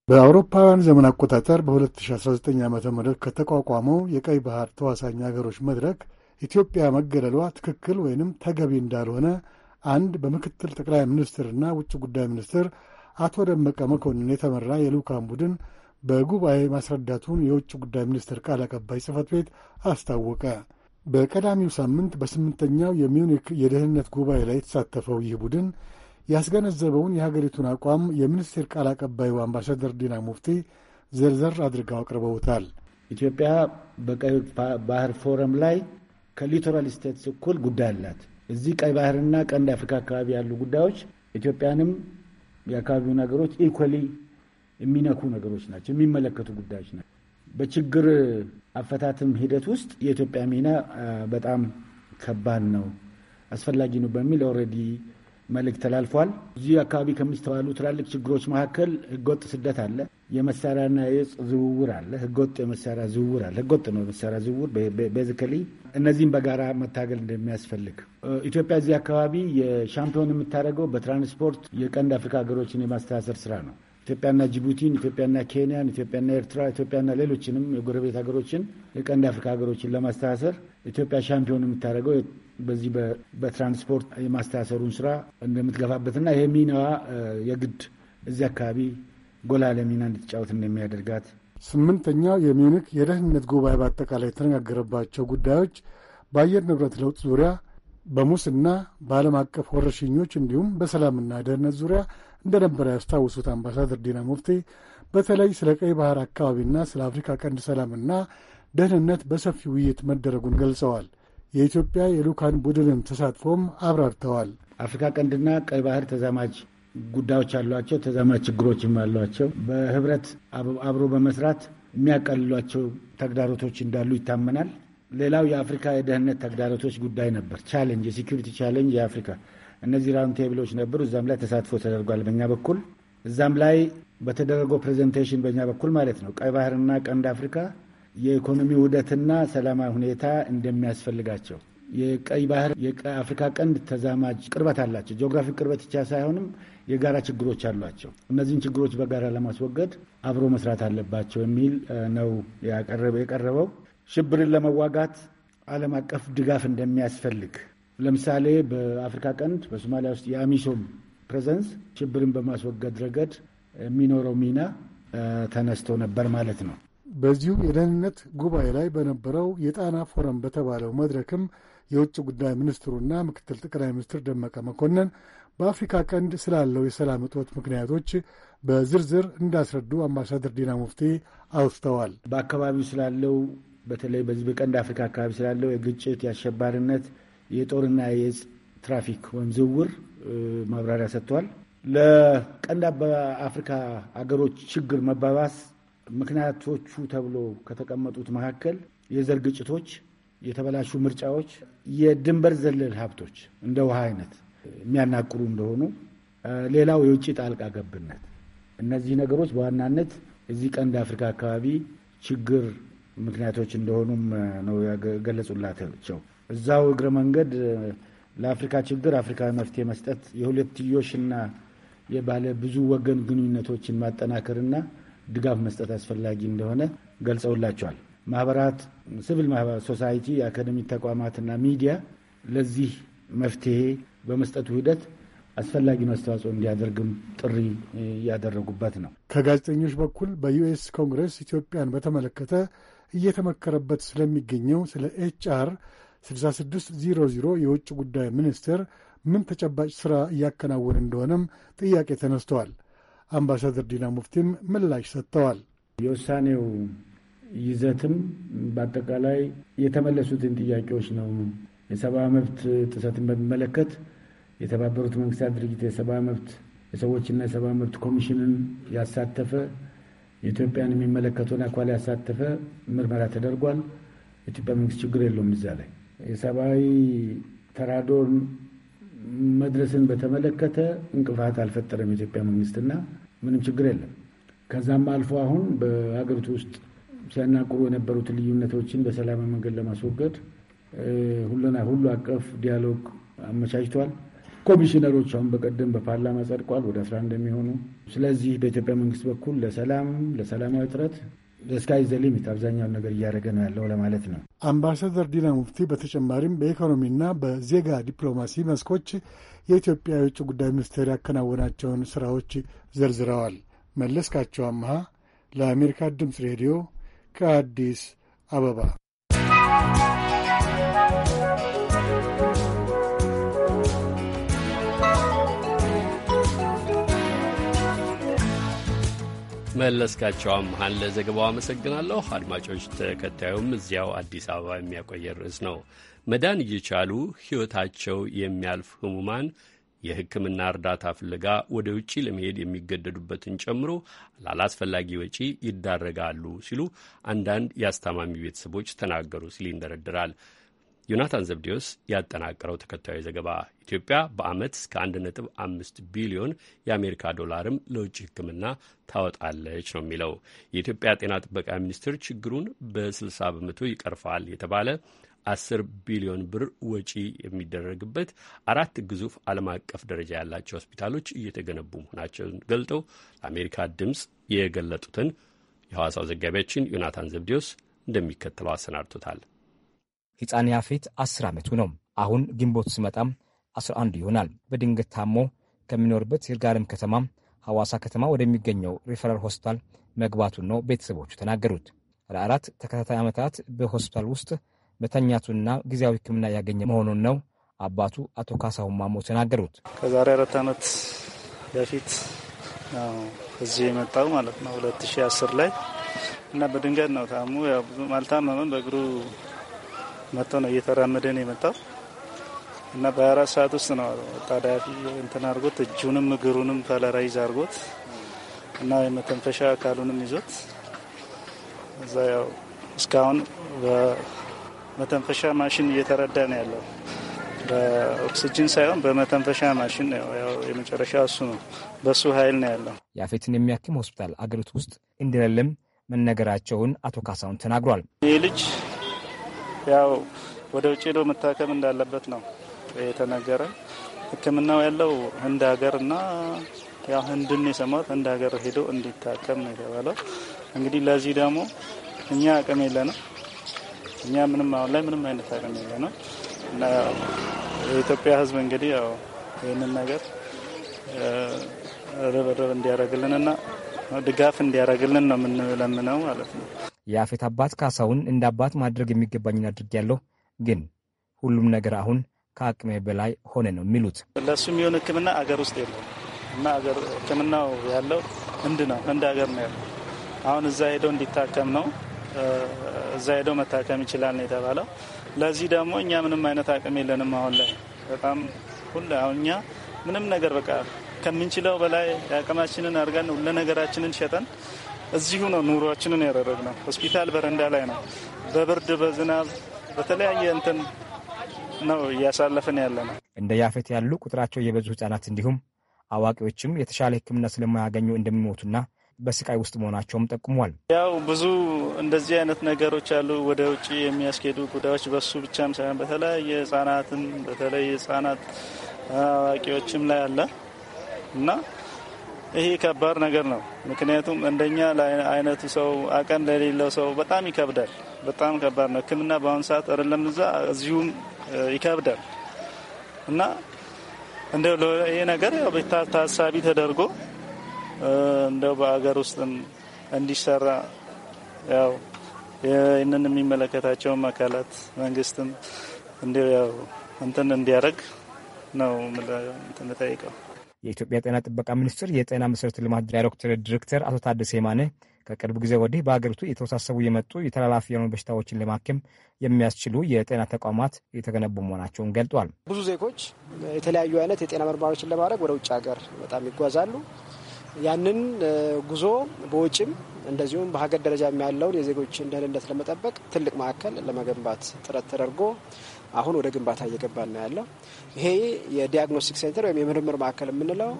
በአውሮፓውያን ዘመን አቆጣጠር በ2019 ዓ ም ከተቋቋመው የቀይ ባህር ተዋሳኝ አገሮች መድረክ ኢትዮጵያ መገለሏ ትክክል ወይንም ተገቢ እንዳልሆነ አንድ በምክትል ጠቅላይ ሚኒስትርና ውጭ ጉዳይ ሚኒስትር አቶ ደመቀ መኮንን የተመራ የልዑካን ቡድን በጉባኤ ማስረዳቱን የውጭ ጉዳይ ሚኒስትር ቃል አቀባይ ጽህፈት ቤት አስታወቀ። በቀዳሚው ሳምንት በስምንተኛው የሚዩኒክ የደህንነት ጉባኤ ላይ የተሳተፈው ይህ ቡድን ያስገነዘበውን የሀገሪቱን አቋም የሚኒስቴር ቃል አቀባዩ አምባሳደር ዲና ሙፍቲ ዘርዘር አድርገው አቅርበውታል። ኢትዮጵያ በቀይ ባህር ፎረም ላይ ከሊቶራል ስቴትስ እኩል ጉዳይ አላት። እዚህ ቀይ ባህርና ቀንድ አፍሪካ አካባቢ ያሉ ጉዳዮች ኢትዮጵያንም የአካባቢው ነገሮች ኢኮሊ የሚነኩ ነገሮች ናቸው፣ የሚመለከቱ ጉዳዮች ናቸው። በችግር አፈታትም ሂደት ውስጥ የኢትዮጵያ ሚና በጣም ከባድ ነው፣ አስፈላጊ ነው በሚል ኦልሬዲ መልእክት ተላልፏል። እዚህ አካባቢ ከሚስተዋሉ ትላልቅ ችግሮች መካከል ህገወጥ ስደት አለ፣ የመሳሪያና የእጽ ዝውውር አለ፣ ህገወጥ የመሳሪያ ዝውውር አለ። ህገወጥ ነው የመሳሪያ ዝውውር ቤዚካሊ። እነዚህም በጋራ መታገል እንደሚያስፈልግ ኢትዮጵያ እዚህ አካባቢ የሻምፒዮን የምታደርገው በትራንስፖርት የቀንድ አፍሪካ ሀገሮችን የማስተሳሰር ስራ ነው። ኢትዮጵያና ጅቡቲን፣ ኢትዮጵያና ኬንያን፣ ኢትዮጵያና ኤርትራ፣ ኢትዮጵያና ሌሎችንም የጎረቤት ሀገሮችን የቀንድ አፍሪካ ሀገሮችን ለማስተሳሰር ኢትዮጵያ ሻምፒዮን የምታደርገው በዚህ በትራንስፖርት የማስተሳሰሩን ስራ እንደምትገፋበትና ይህ ሚናዋ የግድ እዚህ አካባቢ ጎላ ለሚና እንድትጫወት እንደሚያደርጋት ስምንተኛው የሚዩኒክ የደህንነት ጉባኤ በአጠቃላይ የተነጋገረባቸው ጉዳዮች በአየር ንብረት ለውጥ ዙሪያ፣ በሙስና፣ በዓለም አቀፍ ወረርሽኞች እንዲሁም በሰላምና ደህንነት ዙሪያ እንደነበረ ያስታውሱት አምባሳደር ዲና ሙፍቲ በተለይ ስለ ቀይ ባህር አካባቢና ስለ አፍሪካ ቀንድ ሰላምና ደህንነት በሰፊ ውይይት መደረጉን ገልጸዋል። የኢትዮጵያ የሉካን ቡድንን ተሳትፎም አብራርተዋል። አፍሪካ ቀንድና ቀይ ባህር ተዛማጅ ጉዳዮች አሏቸው፣ ተዛማጅ ችግሮችም አሏቸው። በህብረት አብሮ በመስራት የሚያቀልሏቸው ተግዳሮቶች እንዳሉ ይታመናል። ሌላው የአፍሪካ የደህንነት ተግዳሮቶች ጉዳይ ነበር። ቻሌንጅ የሴኪሪቲ ቻሌንጅ የአፍሪካ እነዚህ ራውንድ ቴብሎች ነበሩ። እዛም ላይ ተሳትፎ ተደርጓል በእኛ በኩል እዛም ላይ በተደረገው ፕሬዘንቴሽን በእኛ በኩል ማለት ነው ቀይ ባህርና ቀንድ አፍሪካ የኢኮኖሚ ውህደትና ሰላማዊ ሁኔታ እንደሚያስፈልጋቸው የቀይ ባህር የአፍሪካ ቀንድ ተዛማጅ ቅርበት አላቸው። ጂኦግራፊክ ቅርበት ብቻ ሳይሆንም የጋራ ችግሮች አሏቸው። እነዚህን ችግሮች በጋራ ለማስወገድ አብሮ መስራት አለባቸው የሚል ነው የቀረበው። ሽብርን ለመዋጋት ዓለም አቀፍ ድጋፍ እንደሚያስፈልግ ለምሳሌ በአፍሪካ ቀንድ በሶማሊያ ውስጥ የአሚሶም ፕሬዘንስ ሽብርን በማስወገድ ረገድ የሚኖረው ሚና ተነስቶ ነበር ማለት ነው። በዚሁ የደህንነት ጉባኤ ላይ በነበረው የጣና ፎረም በተባለው መድረክም የውጭ ጉዳይ ሚኒስትሩና ምክትል ጠቅላይ ሚኒስትር ደመቀ መኮንን በአፍሪካ ቀንድ ስላለው የሰላም እጦት ምክንያቶች በዝርዝር እንዳስረዱ አምባሳደር ዲና ሙፍቲ አውስተዋል። በአካባቢው ስላለው በተለይ በዚህ በቀንድ አፍሪካ አካባቢ ስላለው የግጭት የአሸባሪነት የጦርና የትራፊክ ወይም ዝውውር ማብራሪያ ሰጥተዋል። ለቀንድ በአፍሪካ አገሮች ችግር መባባስ ምክንያቶቹ ተብሎ ከተቀመጡት መካከል የዘር ግጭቶች፣ የተበላሹ ምርጫዎች፣ የድንበር ዘለል ሀብቶች እንደ ውሃ አይነት የሚያናቅሩ እንደሆኑ፣ ሌላው የውጭ ጣልቃ ገብነት፣ እነዚህ ነገሮች በዋናነት እዚህ ቀንድ አፍሪካ አካባቢ ችግር ምክንያቶች እንደሆኑም ነው የገለጹላቸው። እዛው እግረ መንገድ ለአፍሪካ ችግር አፍሪካዊ መፍትሄ መስጠት የሁለትዮሽና የባለ ብዙ ወገን ግንኙነቶችን ማጠናከርና ድጋፍ መስጠት አስፈላጊ እንደሆነ ገልጸውላቸዋል። ማህበራት፣ ሲቪል ሶሳይቲ፣ የአካደሚ ተቋማትና ሚዲያ ለዚህ መፍትሄ በመስጠቱ ሂደት አስፈላጊውን አስተዋጽኦ እንዲያደርግም ጥሪ እያደረጉበት ነው። ከጋዜጠኞች በኩል በዩኤስ ኮንግረስ ኢትዮጵያን በተመለከተ እየተመከረበት ስለሚገኘው ስለ ኤች 6600 የውጭ ጉዳይ ሚኒስቴር ምን ተጨባጭ ሥራ እያከናወነ እንደሆነም ጥያቄ ተነስተዋል። አምባሳደር ዲና ሙፍቲም ምላሽ ሰጥተዋል። የውሳኔው ይዘትም በአጠቃላይ የተመለሱትን ጥያቄዎች ነው። የሰብአዊ መብት ጥሰትን በሚመለከት የተባበሩት መንግስታት ድርጅት የሰብአዊ መብት የሰዎችና የሰብአዊ መብት ኮሚሽንን ያሳተፈ ኢትዮጵያን የሚመለከተውን አኳል ያሳተፈ ምርመራ ተደርጓል። የኢትዮጵያ መንግስት ችግር የለውም እዛ ላይ የሰብአዊ ተራድኦን መድረስን በተመለከተ እንቅፋት አልፈጠረም የኢትዮጵያ መንግስትና ምንም ችግር የለም። ከዛም አልፎ አሁን በሀገሪቱ ውስጥ ሲያናቁሩ የነበሩት ልዩነቶችን በሰላማዊ መንገድ ለማስወገድ ሁሉና ሁሉ አቀፍ ዲያሎግ አመቻችቷል። ኮሚሽነሮች አሁን በቀደም በፓርላማ ጸድቋል፣ ወደ 11 የሚሆኑ። ስለዚህ በኢትዮጵያ መንግስት በኩል ለሰላም ለሰላማዊ ጥረት ስካይ ዘ ሊሚት አብዛኛውን ነገር እያደረገ ነው ያለው ለማለት ነው። አምባሳደር ዲና ሙፍቲ በተጨማሪም በኢኮኖሚና በዜጋ ዲፕሎማሲ መስኮች የኢትዮጵያ የውጭ ጉዳይ ሚኒስቴር ያከናወናቸውን ስራዎች ዘርዝረዋል። መለስካቸው አምሃ ለአሜሪካ ድምፅ ሬዲዮ ከአዲስ አበባ መለስካቸው አምሃን ለዘገባው አመሰግናለሁ። አድማጮች፣ ተከታዩም እዚያው አዲስ አበባ የሚያቆየ ርዕስ ነው። መዳን እየቻሉ ሕይወታቸው የሚያልፍ ህሙማን የሕክምና እርዳታ ፍለጋ ወደ ውጭ ለመሄድ የሚገደዱበትን ጨምሮ ላላስፈላጊ ወጪ ይዳረጋሉ ሲሉ አንዳንድ የአስታማሚ ቤተሰቦች ተናገሩ ሲል ይንደረድራል። ዮናታን ዘብዲዮስ ያጠናቀረው ተከታዩ ዘገባ ኢትዮጵያ በዓመት እስከ 1.5 ቢሊዮን የአሜሪካ ዶላርም ለውጭ ሕክምና ታወጣለች ነው የሚለው። የኢትዮጵያ ጤና ጥበቃ ሚኒስቴር ችግሩን በ60 በመቶ ይቀርፋል የተባለ 10 ቢሊዮን ብር ወጪ የሚደረግበት አራት ግዙፍ ዓለም አቀፍ ደረጃ ያላቸው ሆስፒታሎች እየተገነቡ መሆናቸውን ገልጠው ለአሜሪካ ድምፅ የገለጡትን የሐዋሳው ዘጋቢያችን ዮናታን ዘብዲዮስ እንደሚከተለው አሰናድቶታል። ሕፃን ያፌት 10 ዓመቱ ነው። አሁን ግንቦት ሲመጣ 11 ይሆናል። በድንገት ታሞ ከሚኖርበት ይርጋለም ከተማ ሐዋሳ ከተማ ወደሚገኘው ሪፈራል ሆስፒታል መግባቱን ነው ቤተሰቦቹ ተናገሩት። ለአራት ተከታታይ ዓመታት በሆስፒታል ውስጥ መተኛቱንና ጊዜያዊ ሕክምና ያገኘ መሆኑን ነው አባቱ አቶ ካሳሁን ማሞ ተናገሩት። ከዛሬ አራት ዓመት በፊት እዚህ የመጣው ማለት ነው 2010 ላይ እና በድንገት ነው ታሙ። ያው ብዙም አልታመመም በእግሩ መጥቶ ነው እየተራመደ ነው የመጣው እና በአራት ሰዓት ውስጥ ነው ጣዳፊ እንትን አድርጎት እጁንም እግሩንም ፓላራይዝ አድርጎት እና የመተንፈሻ አካሉንም ይዞት እዛ ያው እስካሁን በመተንፈሻ ማሽን እየተረዳ ነው ያለው። በኦክስጅን ሳይሆን በመተንፈሻ ማሽን ነው። ያው የመጨረሻ እሱ ነው፣ በሱ ኃይል ነው ያለው። የአፌትን የሚያክም ሆስፒታል አገሪቱ ውስጥ እንደሌለም መነገራቸውን አቶ ካሳውን ተናግሯል። ይህ ልጅ ያው ወደ ውጭ ሄዶ መታከም እንዳለበት ነው የተነገረ። ሕክምናው ያለው ህንድ ሀገርና ያው ህንድን የሰማት ህንድ ሀገር ሄዶ እንዲታከም ነው የተባለው። እንግዲህ ለዚህ ደግሞ እኛ አቅም የለንም። እኛ ምንም አሁን ላይ ምንም አይነት አቅም የለንም እና የኢትዮጵያ ህዝብ እንግዲህ ያው ይህንን ነገር ርብርብ እንዲያደርግልንና ድጋፍ እንዲያደርግልን ነው የምንለምነው ማለት ነው። የአፌት አባት ካሳውን እንደ አባት ማድረግ የሚገባኝን አድርጌያለሁ፣ ግን ሁሉም ነገር አሁን ከአቅሜ በላይ ሆነ ነው የሚሉት። ለእሱ የሚሆን ሕክምና አገር ውስጥ የለም። እና ሕክምናው ያለው ህንድ ነው፣ ህንድ ሀገር ነው ያለው። አሁን እዛ ሄደው እንዲታከም ነው እዛ ሄደው መታከም ይችላል ነው የተባለው። ለዚህ ደግሞ እኛ ምንም አይነት አቅም የለንም። አሁን ላይ በጣም ሁሉ አሁን እኛ ምንም ነገር በቃ ከምንችለው በላይ አቅማችንን አድርገን ሁሉ ነገራችንን ሸጠን እዚሁ ነው ኑሯችንን ነው። ሆስፒታል በረንዳ ላይ ነው። በብርድ በዝናብ በተለያየ እንትን ነው እያሳለፍን ያለ ነው። እንደ ያፌት ያሉ ቁጥራቸው የበዙ ህጻናት እንዲሁም አዋቂዎችም የተሻለ ሕክምና ስለማያገኙ እንደሚሞቱና በስቃይ ውስጥ መሆናቸውም ጠቁሟል። ያው ብዙ እንደዚህ አይነት ነገሮች አሉ፣ ወደ ውጭ የሚያስኬዱ ጉዳዮች። በሱ ብቻም ሳይሆን በተለያየ ህጻናትን በተለይ ህጻናት አዋቂዎችም ላይ አለ እና ይሄ ከባድ ነገር ነው። ምክንያቱም እንደኛ አይነቱ ሰው አቅም ለሌለው ሰው በጣም ይከብዳል። በጣም ከባድ ነው። ሕክምና በአሁኑ ሰዓት አይደለም እዛ እዚሁም ይከብዳል እና እንደው ይሄ ነገር ያው ታሳቢ ተደርጎ እንደው በአገር ውስጥም እንዲሰራ ያው ይህንን የሚመለከታቸውም አካላት መንግስትም እንዲያው እንትን እንዲያደርግ ነው ምጠይቀው። የኢትዮጵያ ጤና ጥበቃ ሚኒስቴር የጤና መሠረተ ልማት ዳይሬክቶሬት ዲሬክተር አቶ ታደሰ የማነ ከቅርብ ጊዜ ወዲህ በሀገሪቱ የተወሳሰቡ የመጡ የተላላፊ የሆኑ በሽታዎችን ለማከም የሚያስችሉ የጤና ተቋማት የተገነቡ መሆናቸውን ገልጧል። ብዙ ዜጎች የተለያዩ አይነት የጤና ምርመራዎችን ለማድረግ ወደ ውጭ ሀገር በጣም ይጓዛሉ። ያንን ጉዞ በውጭም እንደዚሁም በሀገር ደረጃ ያለውን የዜጎችን ደህንነት ለመጠበቅ ትልቅ ማዕከል ለመገንባት ጥረት ተደርጎ አሁን ወደ ግንባታ እየገባና ያለው ይሄ የዲያግኖስቲክ ሴንተር ወይም የምርምር ማዕከል የምንለው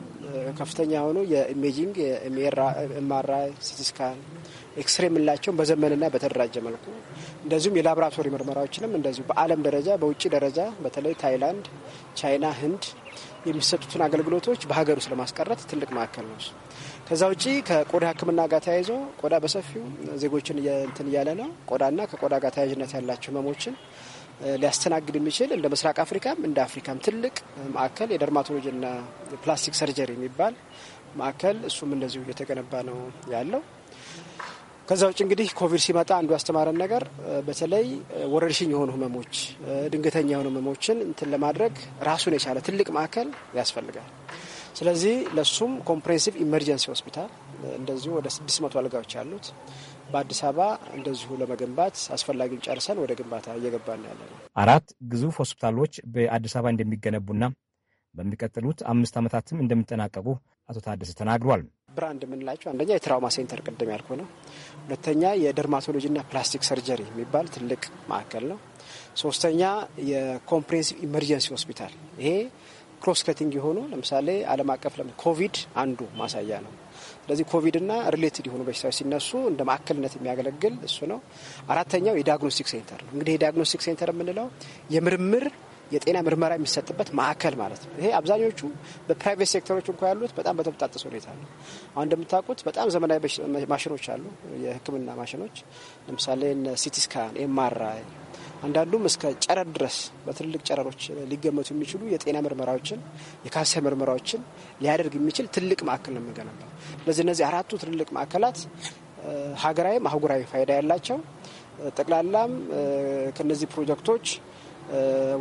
ከፍተኛ የሆኑ የኢሜጂንግ የኤምአርአይ ሲቲስካን ኤክስሬ የምንላቸውን በዘመንና በተደራጀ መልኩ እንደዚሁም የላቦራቶሪ ምርመራዎችንም እንደዚሁ በዓለም ደረጃ በውጭ ደረጃ በተለይ ታይላንድ፣ ቻይና፣ ህንድ የሚሰጡትን አገልግሎቶች በሀገር ውስጥ ለማስቀረት ትልቅ ማዕከል ነው። ከዛ ውጪ ከቆዳ ሕክምና ጋር ተያይዞ ቆዳ በሰፊው ዜጎችን እንትን እያለ ነው። ቆዳና ከቆዳ ጋር ተያያዥነት ያላቸው ህመሞችን ሊያስተናግድ የሚችል እንደ ምስራቅ አፍሪካም እንደ አፍሪካም ትልቅ ማዕከል የደርማቶሎጂና ፕላስቲክ ሰርጀሪ የሚባል ማዕከል እሱም እንደዚሁ እየተገነባ ነው ያለው። ከዛ ውጭ እንግዲህ ኮቪድ ሲመጣ አንዱ ያስተማረን ነገር በተለይ ወረርሽኝ የሆኑ ህመሞች፣ ድንገተኛ የሆኑ ህመሞችን እንትን ለማድረግ ራሱን የቻለ ትልቅ ማዕከል ያስፈልጋል። ስለዚህ ለሱም ኮምፕሬሄንሲቭ ኢመርጀንሲ ሆስፒታል እንደዚሁ ወደ መቶ አልጋዎች ያሉት በአዲስ አበባ እንደዚሁ ለመገንባት አስፈላጊውን ጨርሰን ወደ ግንባታ እየገባን ያለ ነው። አራት ግዙፍ ሆስፒታሎች በአዲስ አበባ እንደሚገነቡና በሚቀጥሉት አምስት ዓመታትም እንደሚጠናቀቁ አቶ ታደሰ ተናግሯል። ብራንድ የምንላቸው አንደኛ የትራውማ ሴንተር ቅድም ያልኩ ነው። ሁለተኛ የደርማቶሎጂና ፕላስቲክ ሰርጀሪ የሚባል ትልቅ ማዕከል ነው። ሶስተኛ የኮምፕሬንሲቭ ኢመርጀንሲ ሆስፒታል ይሄ ክሮስ ከቲንግ የሆኑ ለምሳሌ ዓለም አቀፍ ኮቪድ አንዱ ማሳያ ነው። ስለዚህ ኮቪድና ሪሌትድ የሆኑ በሽታዎች ሲነሱ እንደ ማዕከልነት የሚያገለግል እሱ ነው። አራተኛው የዲያግኖስቲክ ሴንተር ነው። እንግዲህ የዲያግኖስቲክ ሴንተር የምንለው የምርምር የጤና ምርመራ የሚሰጥበት ማዕከል ማለት ነው። ይሄ አብዛኞቹ በፕራይቬት ሴክተሮች እንኳ ያሉት በጣም በተበጣጠሰ ሁኔታ ነው። አሁን እንደምታውቁት በጣም ዘመናዊ ማሽኖች አሉ፣ የህክምና ማሽኖች ለምሳሌ ሲቲስካን፣ ኤምአርአይ አንዳንዱም እስከ ጨረር ድረስ በትልልቅ ጨረሮች ሊገመቱ የሚችሉ የጤና ምርመራዎችን የካንሰር ምርመራዎችን ሊያደርግ የሚችል ትልቅ ማዕከል ነው የምንገነባው። ስለዚህ እነዚህ አራቱ ትልልቅ ማዕከላት ሀገራዊም አህጉራዊ ፋይዳ ያላቸው ጠቅላላም ከነዚህ ፕሮጀክቶች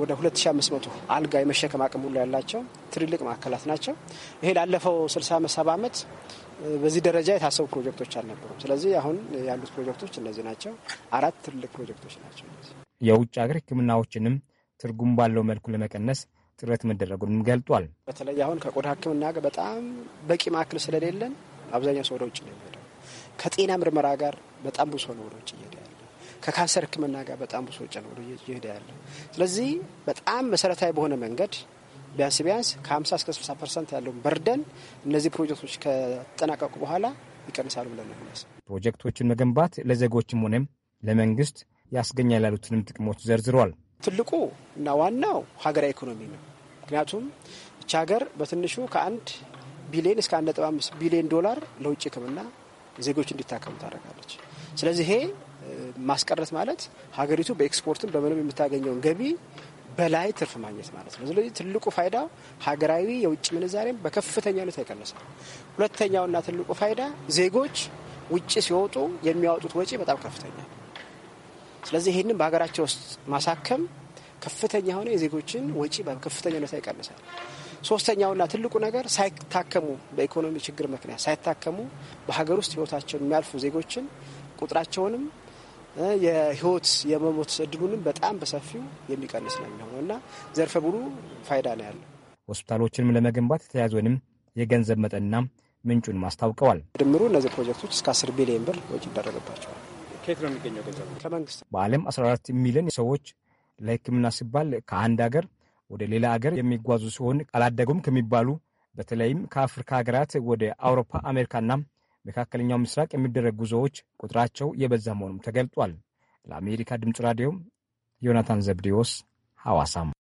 ወደ 2500 አልጋ የመሸከም አቅም ሁሉ ያላቸው ትልልቅ ማዕከላት ናቸው። ይሄ ላለፈው 60 70 ዓመት በዚህ ደረጃ የታሰቡ ፕሮጀክቶች አልነበሩም። ስለዚህ አሁን ያሉት ፕሮጀክቶች እነዚህ ናቸው። አራት ትልልቅ ፕሮጀክቶች ናቸው። የውጭ ሀገር ህክምናዎችንም ትርጉም ባለው መልኩ ለመቀነስ ጥረት መደረጉንም ገልጧል። በተለይ አሁን ከቆዳ ህክምና ጋር በጣም በቂ ማዕከል ስለሌለን አብዛኛው ሰው ወደ ውጭ ነው የሚሄደው። ከጤና ምርመራ ጋር በጣም ብዙ ነው ወደ ውጭ እየሄደ ያለ። ከካንሰር ህክምና ጋር በጣም ብዙ ሰው ነው እየሄደ ያለ። ስለዚህ በጣም መሰረታዊ በሆነ መንገድ ቢያንስ ቢያንስ ከ50 እስከ 60 ፐርሰንት ያለውን በርደን እነዚህ ፕሮጀክቶች ከተጠናቀቁ በኋላ ይቀንሳሉ ብለን ነው። ፕሮጀክቶችን መገንባት ለዜጎችም ሆነም ለመንግስት ያስገኛል ያሉትንም ጥቅሞች ዘርዝሯል። ትልቁ እና ዋናው ሀገራዊ ኢኮኖሚ ነው። ምክንያቱም እች ሀገር በትንሹ ከአንድ ቢሊዮን እስከ አንድ ነጥብ አምስት ቢሊዮን ዶላር ለውጭ ሕክምና ዜጎች እንዲታከሙ ታደርጋለች። ስለዚህ ይሄ ማስቀረት ማለት ሀገሪቱ በኤክስፖርትም በምንም የምታገኘውን ገቢ በላይ ትርፍ ማግኘት ማለት ነው። ስለዚህ ትልቁ ፋይዳ ሀገራዊ የውጭ ምንዛሬም በከፍተኛ ሁኔታ ይቀንሳል። ሁለተኛውና ትልቁ ፋይዳ ዜጎች ውጭ ሲወጡ የሚያወጡት ወጪ በጣም ከፍተኛ ነው። ስለዚህ ይህንን በሀገራቸው ውስጥ ማሳከም ከፍተኛ የሆነ የዜጎችን ወጪ በከፍተኛ ሁኔታ ይቀንሳል። ሶስተኛውና ትልቁ ነገር ሳይታከሙ በኢኮኖሚ ችግር ምክንያት ሳይታከሙ በሀገር ውስጥ ህይወታቸውን የሚያልፉ ዜጎችን ቁጥራቸውንም የህይወት የመሞት እድሉንም በጣም በሰፊው የሚቀንስ ነው የሚሆነው እና ዘርፈ ብዙ ፋይዳ ነው ያለው። ሆስፒታሎችንም ለመገንባት የተያዘንም የገንዘብ መጠንና ምንጩን ማስታውቀዋል። ድምሩ እነዚህ ፕሮጀክቶች እስከ አስር ቢሊዮን ብር ወጪ ይደረግባቸዋል። ከየት ነው የሚገኘው ገንዘቡ? ከመንግስት። በዓለም 14 ሚሊዮን ሰዎች ለሕክምና ሲባል ከአንድ ሀገር ወደ ሌላ ሀገር የሚጓዙ ሲሆን አላደጉም ከሚባሉ በተለይም ከአፍሪካ ሀገራት ወደ አውሮፓ፣ አሜሪካና መካከለኛው ምስራቅ የሚደረጉ ጉዞዎች ቁጥራቸው የበዛ መሆኑም ተገልጧል። ለአሜሪካ ድምፅ ራዲዮ ዮናታን ዘብዴዎስ ሐዋሳም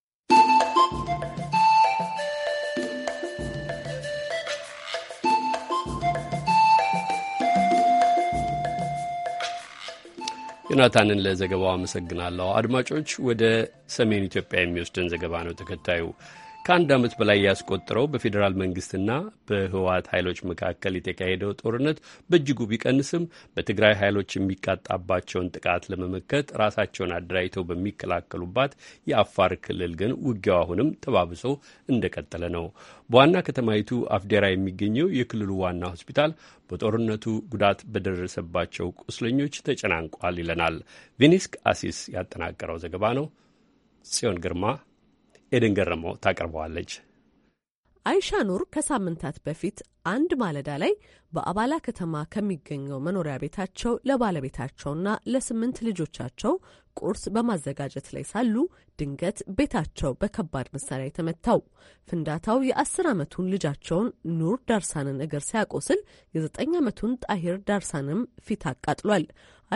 ዮናታንን ለዘገባው አመሰግናለሁ። አድማጮች፣ ወደ ሰሜን ኢትዮጵያ የሚወስደን ዘገባ ነው ተከታዩ። ከአንድ ዓመት በላይ ያስቆጠረው በፌዴራል መንግስትና በህወሓት ኃይሎች መካከል የተካሄደው ጦርነት በእጅጉ ቢቀንስም በትግራይ ኃይሎች የሚቃጣባቸውን ጥቃት ለመመከት ራሳቸውን አደራጅተው በሚከላከሉባት የአፋር ክልል ግን ውጊያው አሁንም ተባብሶ እንደቀጠለ ነው። በዋና ከተማይቱ አፍዴራ የሚገኘው የክልሉ ዋና ሆስፒታል በጦርነቱ ጉዳት በደረሰባቸው ቁስለኞች ተጨናንቋል ይለናል። ቬኔስክ አሲስ ያጠናቀረው ዘገባ ነው። ጽዮን ግርማ ኤደን ገረመው ታቀርበዋለች። አይሻ ኑር ከሳምንታት በፊት አንድ ማለዳ ላይ በአባላ ከተማ ከሚገኘው መኖሪያ ቤታቸው ለባለቤታቸውና ለስምንት ልጆቻቸው ቁርስ በማዘጋጀት ላይ ሳሉ ድንገት ቤታቸው በከባድ መሳሪያ የተመታው። ፍንዳታው የአስር ዓመቱን ልጃቸውን ኑር ዳርሳንን እግር ሲያቆስል የዘጠኝ ዓመቱን ጣሂር ዳርሳንም ፊት አቃጥሏል።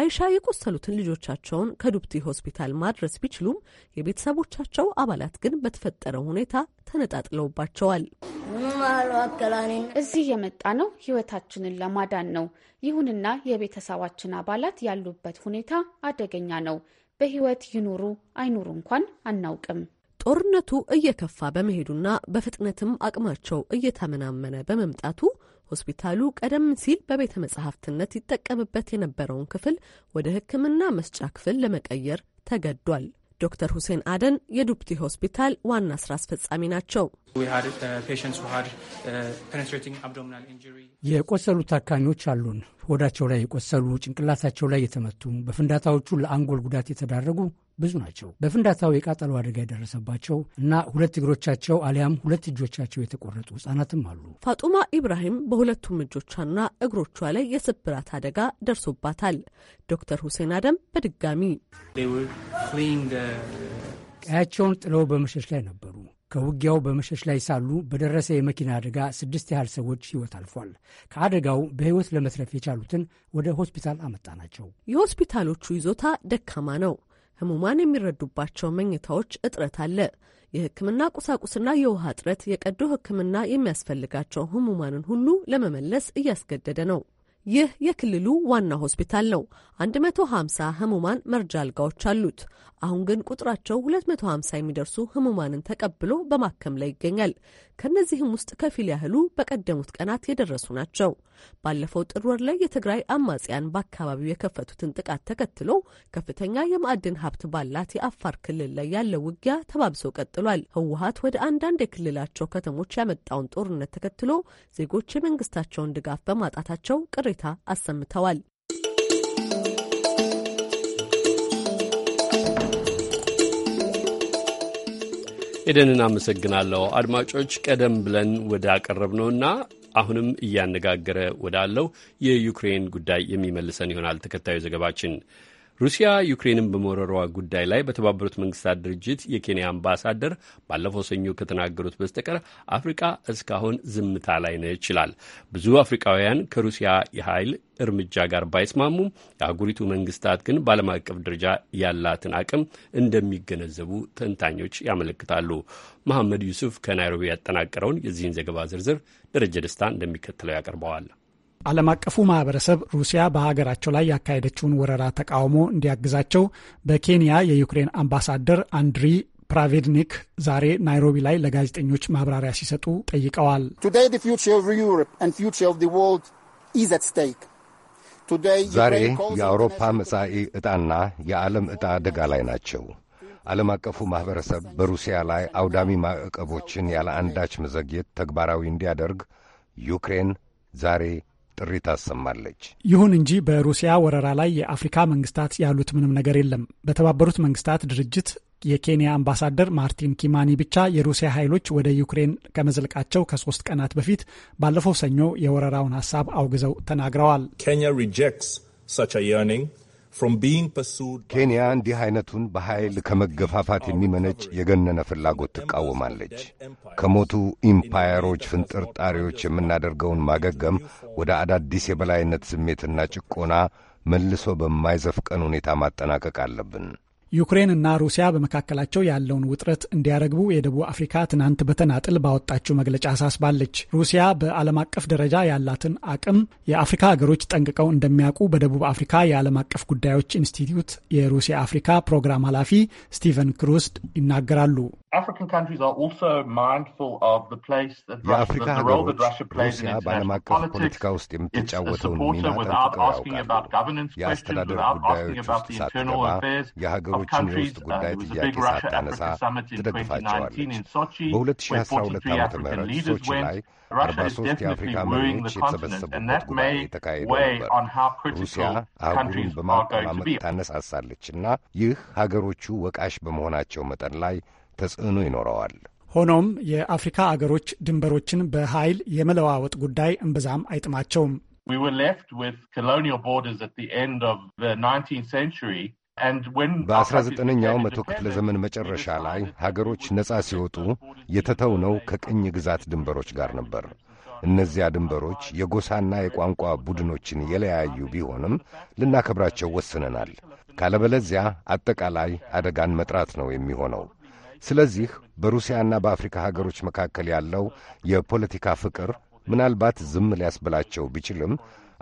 አይሻ የቆሰሉትን ልጆቻቸውን ከዱብቲ ሆስፒታል ማድረስ ቢችሉም የቤተሰቦቻቸው አባላት ግን በተፈጠረው ሁኔታ ተነጣጥለውባቸዋል። እዚ እዚህ የመጣ ነው ህይወታችንን ለማዳን ነው። ይሁንና የቤተሰባችን አባላት ያሉበት ሁኔታ አደገኛ ነው። በህይወት ይኑሩ አይኑሩ እንኳን አናውቅም። ጦርነቱ እየከፋ በመሄዱና በፍጥነትም አቅማቸው እየተመናመነ በመምጣቱ ሆስፒታሉ ቀደም ሲል በቤተ መጻሕፍትነት ይጠቀምበት የነበረውን ክፍል ወደ ሕክምና መስጫ ክፍል ለመቀየር ተገዷል። ዶክተር ሁሴን አደን የዱብቲ ሆስፒታል ዋና ስራ አስፈጻሚ ናቸው። uh, uh, የቆሰሉ ታካሚዎች አሉን። ሆዳቸው ላይ የቆሰሉ፣ ጭንቅላታቸው ላይ የተመቱ፣ በፍንዳታዎቹ ለአንጎል ጉዳት የተዳረጉ ብዙ ናቸው። በፍንዳታው የቃጠሎ አደጋ የደረሰባቸው እና ሁለት እግሮቻቸው አሊያም ሁለት እጆቻቸው የተቆረጡ ህጻናትም አሉ። ፋጡማ ኢብራሂም በሁለቱም እጆቿና እግሮቿ ላይ የስብራት አደጋ ደርሶባታል። ዶክተር ሁሴን አደም በድጋሚ ቀያቸውን ጥለው በመሸሽ ላይ ነበሩ። ከውጊያው በመሸሽ ላይ ሳሉ በደረሰ የመኪና አደጋ ስድስት ያህል ሰዎች ሕይወት አልፏል። ከአደጋው በህይወት ለመትረፍ የቻሉትን ወደ ሆስፒታል ናቸው። የሆስፒታሎቹ ይዞታ ደካማ ነው። ህሙማን የሚረዱባቸው መኝታዎች እጥረት አለ። የህክምና ቁሳቁስና የውሃ እጥረት የቀዶ ህክምና የሚያስፈልጋቸው ህሙማንን ሁሉ ለመመለስ እያስገደደ ነው። ይህ የክልሉ ዋና ሆስፒታል ነው። 150 ህሙማን መርጃ አልጋዎች አሉት። አሁን ግን ቁጥራቸው 250 የሚደርሱ ህሙማንን ተቀብሎ በማከም ላይ ይገኛል። ከእነዚህም ውስጥ ከፊል ያህሉ በቀደሙት ቀናት የደረሱ ናቸው። ባለፈው ጥር ወር ላይ የትግራይ አማጽያን በአካባቢው የከፈቱትን ጥቃት ተከትሎ ከፍተኛ የማዕድን ሀብት ባላት የአፋር ክልል ላይ ያለው ውጊያ ተባብሶ ቀጥሏል። ህወሀት ወደ አንዳንድ የክልላቸው ከተሞች ያመጣውን ጦርነት ተከትሎ ዜጎች የመንግስታቸውን ድጋፍ በማጣታቸው ቅር ቅሬታ አሰምተዋል። ኤደንን አመሰግናለሁ። አድማጮች ቀደም ብለን ወደ ነውና አሁንም እያነጋገረ ወዳለው የዩክሬን ጉዳይ የሚመልሰን ይሆናል ተከታዩ ዘገባችን። ሩሲያ ዩክሬንን በመወረሯ ጉዳይ ላይ በተባበሩት መንግስታት ድርጅት የኬንያ አምባሳደር ባለፈው ሰኞ ከተናገሩት በስተቀር አፍሪቃ እስካሁን ዝምታ ላይ ነች ይችላል። ብዙ አፍሪቃውያን ከሩሲያ የኃይል እርምጃ ጋር ባይስማሙም የአህጉሪቱ መንግስታት ግን በዓለም አቀፍ ደረጃ ያላትን አቅም እንደሚገነዘቡ ተንታኞች ያመለክታሉ። መሐመድ ዩሱፍ ከናይሮቢ ያጠናቀረውን የዚህን ዘገባ ዝርዝር ደረጀ ደስታ እንደሚከተለው ያቀርበዋል። ዓለም አቀፉ ማህበረሰብ ሩሲያ በሀገራቸው ላይ ያካሄደችውን ወረራ ተቃውሞ እንዲያግዛቸው በኬንያ የዩክሬን አምባሳደር አንድሪ ፕራቬድኒክ ዛሬ ናይሮቢ ላይ ለጋዜጠኞች ማብራሪያ ሲሰጡ ጠይቀዋል። ዛሬ የአውሮፓ መጻኢ ዕጣና የዓለም ዕጣ አደጋ ላይ ናቸው። ዓለም አቀፉ ማኅበረሰብ በሩሲያ ላይ አውዳሚ ማዕቀቦችን ያለ አንዳች መዘግየት ተግባራዊ እንዲያደርግ ዩክሬን ዛሬ ጥሪ ታሰማለች። ይሁን እንጂ በሩሲያ ወረራ ላይ የአፍሪካ መንግስታት ያሉት ምንም ነገር የለም። በተባበሩት መንግስታት ድርጅት የኬንያ አምባሳደር ማርቲን ኪማኒ ብቻ የሩሲያ ኃይሎች ወደ ዩክሬን ከመዝልቃቸው ከሶስት ቀናት በፊት ባለፈው ሰኞ የወረራውን ሀሳብ አውግዘው ተናግረዋል። ኬንያ ሪጀክትስ ኬንያ እንዲህ አይነቱን በኃይል ከመገፋፋት የሚመነጭ የገነነ ፍላጎት ትቃወማለች። ከሞቱ ኢምፓየሮች ፍንጥርጣሪዎች የምናደርገውን ማገገም ወደ አዳዲስ የበላይነት ስሜትና ጭቆና መልሶ በማይዘፍቀን ሁኔታ ማጠናቀቅ አለብን። ዩክሬን እና ሩሲያ በመካከላቸው ያለውን ውጥረት እንዲያረግቡ የደቡብ አፍሪካ ትናንት በተናጥል ባወጣችው መግለጫ አሳስባለች። ሩሲያ በዓለም አቀፍ ደረጃ ያላትን አቅም የአፍሪካ ሀገሮች ጠንቅቀው እንደሚያውቁ በደቡብ አፍሪካ የዓለም አቀፍ ጉዳዮች ኢንስቲትዩት የሩሲያ አፍሪካ ፕሮግራም ኃላፊ ስቲቨን ክሩስድ ይናገራሉ። African countries are also mindful of the place that Russia, the, the role that Russia plays in international politics. It's a supporter without asking about governance questions, without asking about the internal affairs of countries. Uh, there was a big Russia-Africa summit in 2019 in Sochi, where 43 African leaders went. Russia is definitely wooing the continent, and that may weigh on how critical countries are going to be. ተጽዕኖ ይኖረዋል። ሆኖም የአፍሪካ አገሮች ድንበሮችን በኃይል የመለዋወጥ ጉዳይ እምብዛም አይጥማቸውም። በ19ኛው መቶ ክፍለ ዘመን መጨረሻ ላይ ሀገሮች ነፃ ሲወጡ የተተውነው ከቅኝ ግዛት ድንበሮች ጋር ነበር። እነዚያ ድንበሮች የጎሳና የቋንቋ ቡድኖችን የለያዩ ቢሆንም ልናከብራቸው ወስነናል። ካለበለዚያ አጠቃላይ አደጋን መጥራት ነው የሚሆነው። ስለዚህ በሩሲያና በአፍሪካ ሀገሮች መካከል ያለው የፖለቲካ ፍቅር ምናልባት ዝም ሊያስብላቸው ቢችልም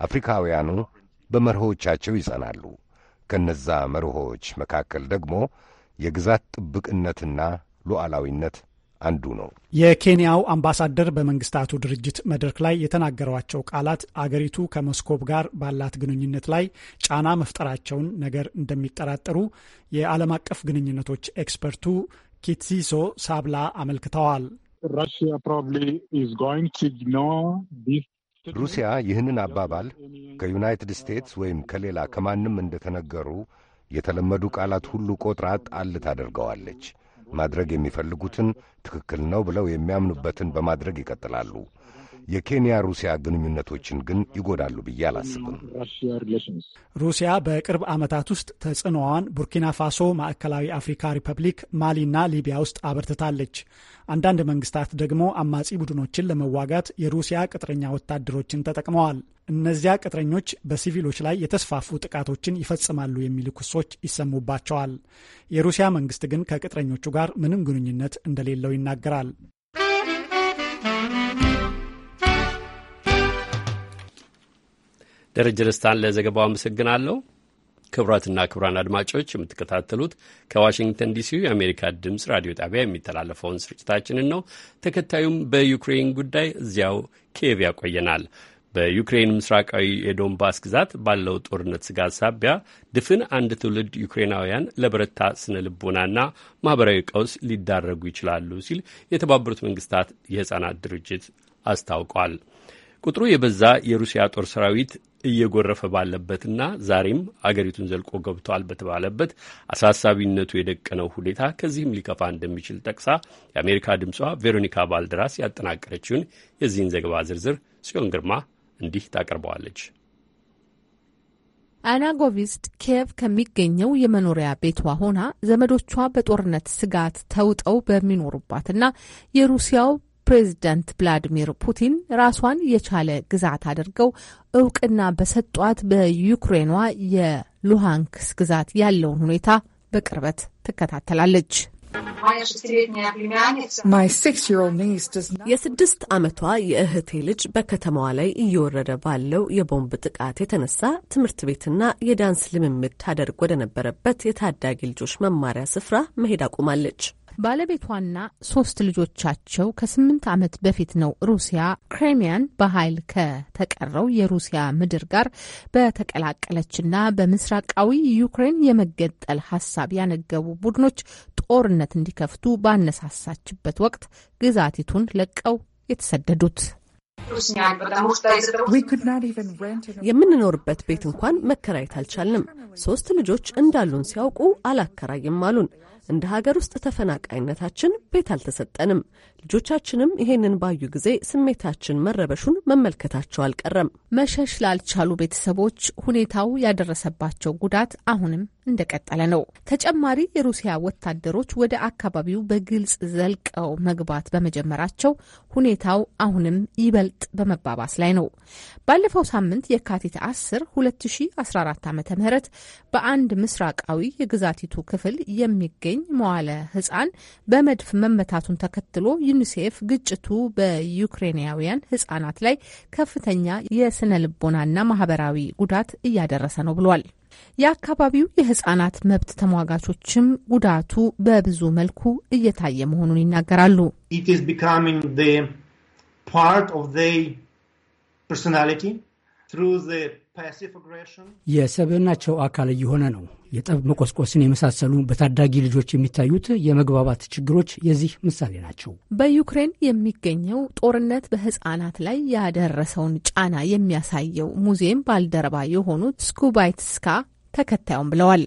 አፍሪካውያኑ በመርሆቻቸው ይጸናሉ። ከነዛ መርሆች መካከል ደግሞ የግዛት ጥብቅነትና ሉዓላዊነት አንዱ ነው። የኬንያው አምባሳደር በመንግስታቱ ድርጅት መድረክ ላይ የተናገሯቸው ቃላት አገሪቱ ከሞስኮቭ ጋር ባላት ግንኙነት ላይ ጫና መፍጠራቸውን ነገር እንደሚጠራጠሩ የዓለም አቀፍ ግንኙነቶች ኤክስፐርቱ ኪትሲሶ ሳብላ አመልክተዋል። ሩሲያ ይህንን አባባል ከዩናይትድ ስቴትስ ወይም ከሌላ ከማንም እንደተነገሩ የተለመዱ ቃላት ሁሉ ቆጥራ ጣል ታደርገዋለች። ማድረግ የሚፈልጉትን ትክክል ነው ብለው የሚያምኑበትን በማድረግ ይቀጥላሉ። የኬንያ ሩሲያ ግንኙነቶችን ግን ይጎዳሉ ብዬ አላስብም። ሩሲያ በቅርብ ዓመታት ውስጥ ተጽዕኖዋን ቡርኪና ፋሶ፣ ማዕከላዊ አፍሪካ ሪፐብሊክ፣ ማሊና ሊቢያ ውስጥ አበርትታለች። አንዳንድ መንግስታት ደግሞ አማጺ ቡድኖችን ለመዋጋት የሩሲያ ቅጥረኛ ወታደሮችን ተጠቅመዋል። እነዚያ ቅጥረኞች በሲቪሎች ላይ የተስፋፉ ጥቃቶችን ይፈጽማሉ የሚሉ ክሶች ይሰሙባቸዋል። የሩሲያ መንግስት ግን ከቅጥረኞቹ ጋር ምንም ግንኙነት እንደሌለው ይናገራል። ደረጀ ደስታን ለዘገባው አመሰግናለሁ። ክቡራትና ክቡራን አድማጮች የምትከታተሉት ከዋሽንግተን ዲሲ የአሜሪካ ድምፅ ራዲዮ ጣቢያ የሚተላለፈውን ስርጭታችንን ነው። ተከታዩም በዩክሬን ጉዳይ እዚያው ኪየቭ ያቆየናል። በዩክሬን ምስራቃዊ የዶንባስ ግዛት ባለው ጦርነት ስጋት ሳቢያ ድፍን አንድ ትውልድ ዩክሬናውያን ለበረታ ስነ ልቦናና ማህበራዊ ቀውስ ሊዳረጉ ይችላሉ ሲል የተባበሩት መንግስታት የህፃናት ድርጅት አስታውቋል። ቁጥሩ የበዛ የሩሲያ ጦር ሰራዊት እየጎረፈ ባለበትና ዛሬም አገሪቱን ዘልቆ ገብቷል በተባለበት አሳሳቢነቱ የደቀነው ሁኔታ ከዚህም ሊከፋ እንደሚችል ጠቅሳ የአሜሪካ ድምጿ ቬሮኒካ ባልደራስ ያጠናቀረችውን የዚህን ዘገባ ዝርዝር ጽዮን ግርማ እንዲህ ታቀርበዋለች። አናጎቪስት ኪየቭ ከሚገኘው የመኖሪያ ቤቷ ሆና ዘመዶቿ በጦርነት ስጋት ተውጠው በሚኖሩባትና የሩሲያው ፕሬዚዳንት ቭላዲሚር ፑቲን ራሷን የቻለ ግዛት አድርገው እውቅና በሰጧት በዩክሬኗ የሉሃንክስ ግዛት ያለውን ሁኔታ በቅርበት ትከታተላለች። የስድስት ዓመቷ የእህቴ ልጅ በከተማዋ ላይ እየወረደ ባለው የቦምብ ጥቃት የተነሳ ትምህርት ቤትና የዳንስ ልምምድ ታደርግ ወደ ነበረበት የታዳጊ ልጆች መማሪያ ስፍራ መሄድ አቁማለች። ባለቤቷና ሶስት ልጆቻቸው ከስምንት ዓመት በፊት ነው ሩሲያ ክሬሚያን በኃይል ከተቀረው የሩሲያ ምድር ጋር በተቀላቀለችና በምስራቃዊ ዩክሬን የመገንጠል ሀሳብ ያነገቡ ቡድኖች ጦርነት እንዲከፍቱ ባነሳሳችበት ወቅት ግዛቲቱን ለቀው የተሰደዱት። የምንኖርበት ቤት እንኳን መከራየት አልቻልንም። ሶስት ልጆች እንዳሉን ሲያውቁ አላከራይም አሉን። እንደ ሀገር ውስጥ ተፈናቃይነታችን ቤት አልተሰጠንም። ልጆቻችንም ይሄንን ባዩ ጊዜ ስሜታችን መረበሹን መመልከታቸው አልቀረም። መሸሽ ላልቻሉ ቤተሰቦች ሁኔታው ያደረሰባቸው ጉዳት አሁንም እንደቀጠለ ነው። ተጨማሪ የሩሲያ ወታደሮች ወደ አካባቢው በግልጽ ዘልቀው መግባት በመጀመራቸው ሁኔታው አሁንም ይበልጥ በመባባስ ላይ ነው። ባለፈው ሳምንት የካቲት 10 2014 ዓ ም በአንድ ምስራቃዊ የግዛቲቱ ክፍል የሚገኝ ዘጠኝ መዋለ ህጻን በመድፍ መመታቱን ተከትሎ ዩኒሴፍ ግጭቱ በዩክሬናውያን ህጻናት ላይ ከፍተኛ የስነ ልቦናና ማህበራዊ ጉዳት እያደረሰ ነው ብሏል። የአካባቢው የህጻናት መብት ተሟጋቾችም ጉዳቱ በብዙ መልኩ እየታየ መሆኑን ይናገራሉ። የሰብዕናቸው አካል እየሆነ ነው። የጠብ መቆስቆስን የመሳሰሉ በታዳጊ ልጆች የሚታዩት የመግባባት ችግሮች የዚህ ምሳሌ ናቸው። በዩክሬን የሚገኘው ጦርነት በሕፃናት ላይ ያደረሰውን ጫና የሚያሳየው ሙዚየም ባልደረባ የሆኑት ስኩባይትስካ ተከታዩም ብለዋል።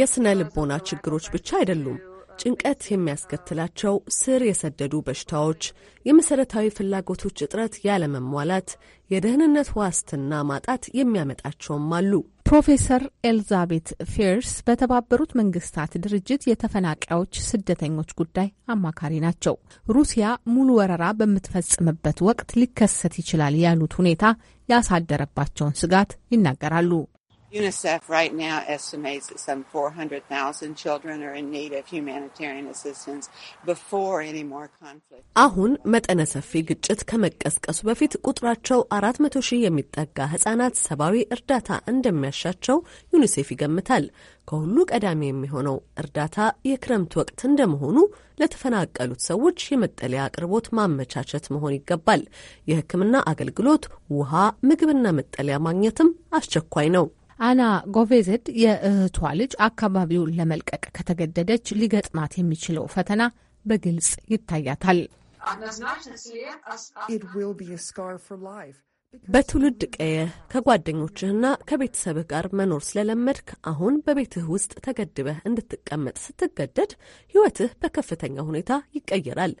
የስነ ልቦና ችግሮች ብቻ አይደሉም ጭንቀት የሚያስከትላቸው ስር የሰደዱ በሽታዎች፣ የመሠረታዊ ፍላጎቶች እጥረት ያለመሟላት፣ የደህንነት ዋስትና ማጣት የሚያመጣቸውም አሉ። ፕሮፌሰር ኤልዛቤት ፌርስ በተባበሩት መንግስታት ድርጅት የተፈናቃዮች ስደተኞች ጉዳይ አማካሪ ናቸው። ሩሲያ ሙሉ ወረራ በምትፈጽምበት ወቅት ሊከሰት ይችላል ያሉት ሁኔታ ያሳደረባቸውን ስጋት ይናገራሉ። UNICEF right now estimates that some 400,000 children are in need of humanitarian assistance before any more conflict. አሁን መጠነ ሰፊ ግጭት ከመቀስቀሱ በፊት ቁጥራቸው 400 ሺህ የሚጠጋ ህጻናት ሰብአዊ እርዳታ እንደሚያሻቸው ዩኒሴፍ ይገምታል። ከሁሉ ቀዳሚ የሚሆነው እርዳታ የክረምት ወቅት እንደመሆኑ ለተፈናቀሉት ሰዎች የመጠለያ አቅርቦት ማመቻቸት መሆን ይገባል። የሕክምና አገልግሎት፣ ውሃ፣ ምግብና መጠለያ ማግኘትም አስቸኳይ ነው። አና ጎቬዘድ የእህቷ ልጅ አካባቢውን ለመልቀቅ ከተገደደች ሊገጥማት የሚችለው ፈተና በግልጽ ይታያታል። በትውልድ ቀየህ ከጓደኞችህና ከቤተሰብህ ጋር መኖር ስለለመድክ አሁን በቤትህ ውስጥ ተገድበህ እንድትቀመጥ ስትገደድ ሕይወትህ በከፍተኛ ሁኔታ ይቀየራል።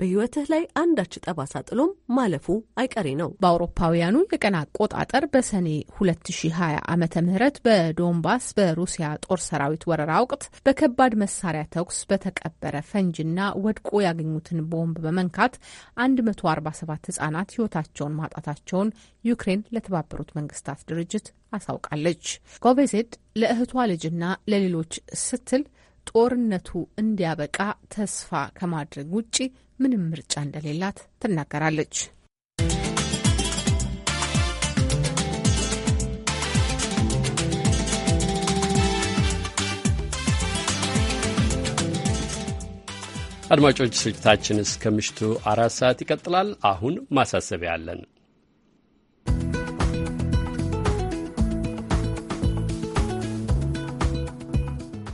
በህይወትህ ላይ አንዳች ጠባሳ ጥሎም ማለፉ አይቀሬ ነው። በአውሮፓውያኑ የቀን አቆጣጠር በሰኔ 2020 ዓ ምት በዶንባስ በሩሲያ ጦር ሰራዊት ወረራ ወቅት በከባድ መሳሪያ ተኩስ በተቀበረ ፈንጅና ወድቆ ያገኙትን ቦምብ በመንካት 147 ህጻናት ህይወታቸውን ማጣታቸውን ዩክሬን ለተባበሩት መንግስታት ድርጅት አሳውቃለች። ጎቤዜድ ለእህቷ ልጅና ለሌሎች ስትል ጦርነቱ እንዲያበቃ ተስፋ ከማድረግ ውጪ ምንም ምርጫ እንደሌላት ትናገራለች። አድማጮች ስርጭታችን እስከ ምሽቱ አራት ሰዓት ይቀጥላል። አሁን ማሳሰቢያ አለን።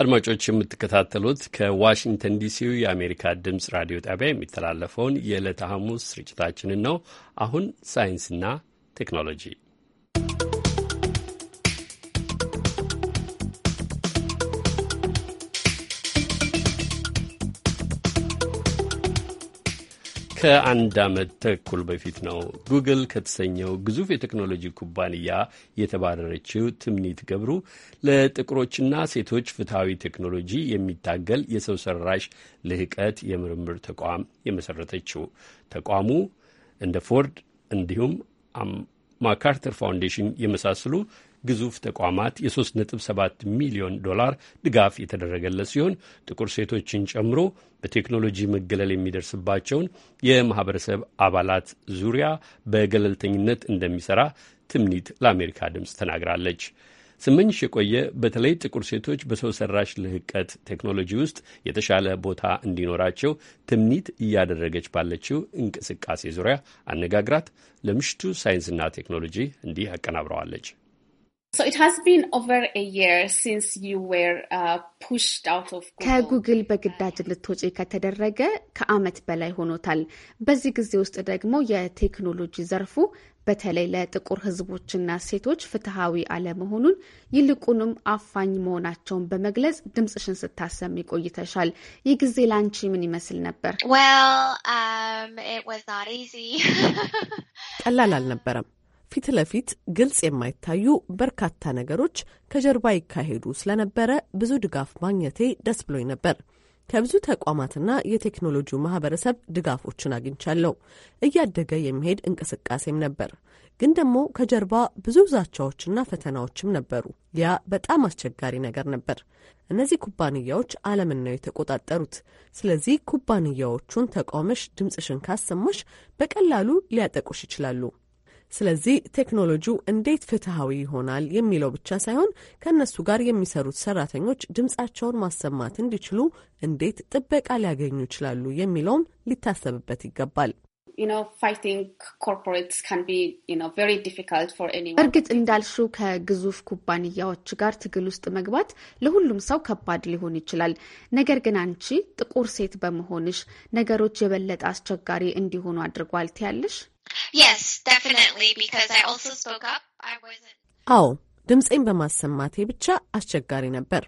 አድማጮች የምትከታተሉት ከዋሽንግተን ዲሲው የአሜሪካ ድምፅ ራዲዮ ጣቢያ የሚተላለፈውን የዕለተ ሐሙስ ስርጭታችንን ነው። አሁን ሳይንስና ቴክኖሎጂ ከአንድ ዓመት ተኩል በፊት ነው ጉግል ከተሰኘው ግዙፍ የቴክኖሎጂ ኩባንያ የተባረረችው ትምኒት ገብሩ ለጥቁሮችና ሴቶች ፍትሐዊ ቴክኖሎጂ የሚታገል የሰው ሰራሽ ልህቀት የምርምር ተቋም የመሰረተችው። ተቋሙ እንደ ፎርድ እንዲሁም ማካርተር ፋውንዴሽን የመሳሰሉ ግዙፍ ተቋማት የ3.7 ሚሊዮን ዶላር ድጋፍ የተደረገለት ሲሆን ጥቁር ሴቶችን ጨምሮ በቴክኖሎጂ መገለል የሚደርስባቸውን የማህበረሰብ አባላት ዙሪያ በገለልተኝነት እንደሚሰራ ትምኒት ለአሜሪካ ድምፅ ተናግራለች። ስመኝሽ የቆየ በተለይ ጥቁር ሴቶች በሰው ሰራሽ ልህቀት ቴክኖሎጂ ውስጥ የተሻለ ቦታ እንዲኖራቸው ትምኒት እያደረገች ባለችው እንቅስቃሴ ዙሪያ አነጋግራት ለምሽቱ ሳይንስና ቴክኖሎጂ እንዲህ አቀናብረዋለች። ከጉግል በግዳጅ እንድትወጪ ከተደረገ ከዓመት በላይ ሆኖታል። በዚህ ጊዜ ውስጥ ደግሞ የቴክኖሎጂ ዘርፉ በተለይ ለጥቁር ሕዝቦችና ሴቶች ፍትሐዊ አለመሆኑን ይልቁንም አፋኝ መሆናቸውን በመግለጽ ድምፅሽን ስታሰሚ ቆይተሻል። ይህ ጊዜ ላንቺ ምን ይመስል ነበር? Um, <laughs> ቀላል አልነበረም። ፊት ለፊት ግልጽ የማይታዩ በርካታ ነገሮች ከጀርባ ይካሄዱ ስለነበረ ብዙ ድጋፍ ማግኘቴ ደስ ብሎኝ ነበር። ከብዙ ተቋማትና የቴክኖሎጂው ማህበረሰብ ድጋፎችን አግኝቻለሁ። እያደገ የሚሄድ እንቅስቃሴም ነበር። ግን ደግሞ ከጀርባ ብዙ ዛቻዎችና ፈተናዎችም ነበሩ። ያ በጣም አስቸጋሪ ነገር ነበር። እነዚህ ኩባንያዎች ዓለምን ነው የተቆጣጠሩት። ስለዚህ ኩባንያዎቹን ተቃውመሽ ድምፅሽን ካሰማሽ በቀላሉ ሊያጠቁሽ ይችላሉ። ስለዚህ ቴክኖሎጂው እንዴት ፍትሐዊ ይሆናል የሚለው ብቻ ሳይሆን ከእነሱ ጋር የሚሰሩት ሰራተኞች ድምፃቸውን ማሰማት እንዲችሉ እንዴት ጥበቃ ሊያገኙ ይችላሉ የሚለውም ሊታሰብበት ይገባል። እርግጥ እንዳልሽው ከግዙፍ ኩባንያዎች ጋር ትግል ውስጥ መግባት ለሁሉም ሰው ከባድ ሊሆን ይችላል። ነገር ግን አንቺ ጥቁር ሴት በመሆንሽ ነገሮች የበለጠ አስቸጋሪ እንዲሆኑ አድርጓል ትያለሽ? Yes, definitely, because I also spoke up. I wasn't... አዎ ድምፄን በማሰማቴ ብቻ አስቸጋሪ ነበር።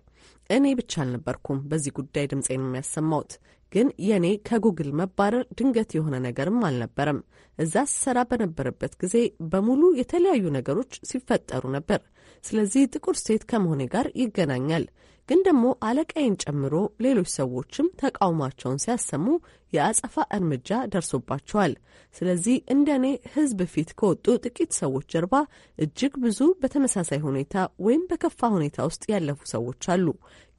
እኔ ብቻ አልነበርኩም በዚህ ጉዳይ ድምፄን የሚያሰማውት። ግን የእኔ ከጉግል መባረር ድንገት የሆነ ነገርም አልነበረም። እዛ ስሰራ በነበረበት ጊዜ በሙሉ የተለያዩ ነገሮች ሲፈጠሩ ነበር። ስለዚህ ጥቁር ሴት ከመሆኔ ጋር ይገናኛል። ግን ደግሞ አለቃይን ጨምሮ ሌሎች ሰዎችም ተቃውሟቸውን ሲያሰሙ የአጸፋ እርምጃ ደርሶባቸዋል። ስለዚህ እንደ እኔ ሕዝብ ፊት ከወጡ ጥቂት ሰዎች ጀርባ እጅግ ብዙ በተመሳሳይ ሁኔታ ወይም በከፋ ሁኔታ ውስጥ ያለፉ ሰዎች አሉ።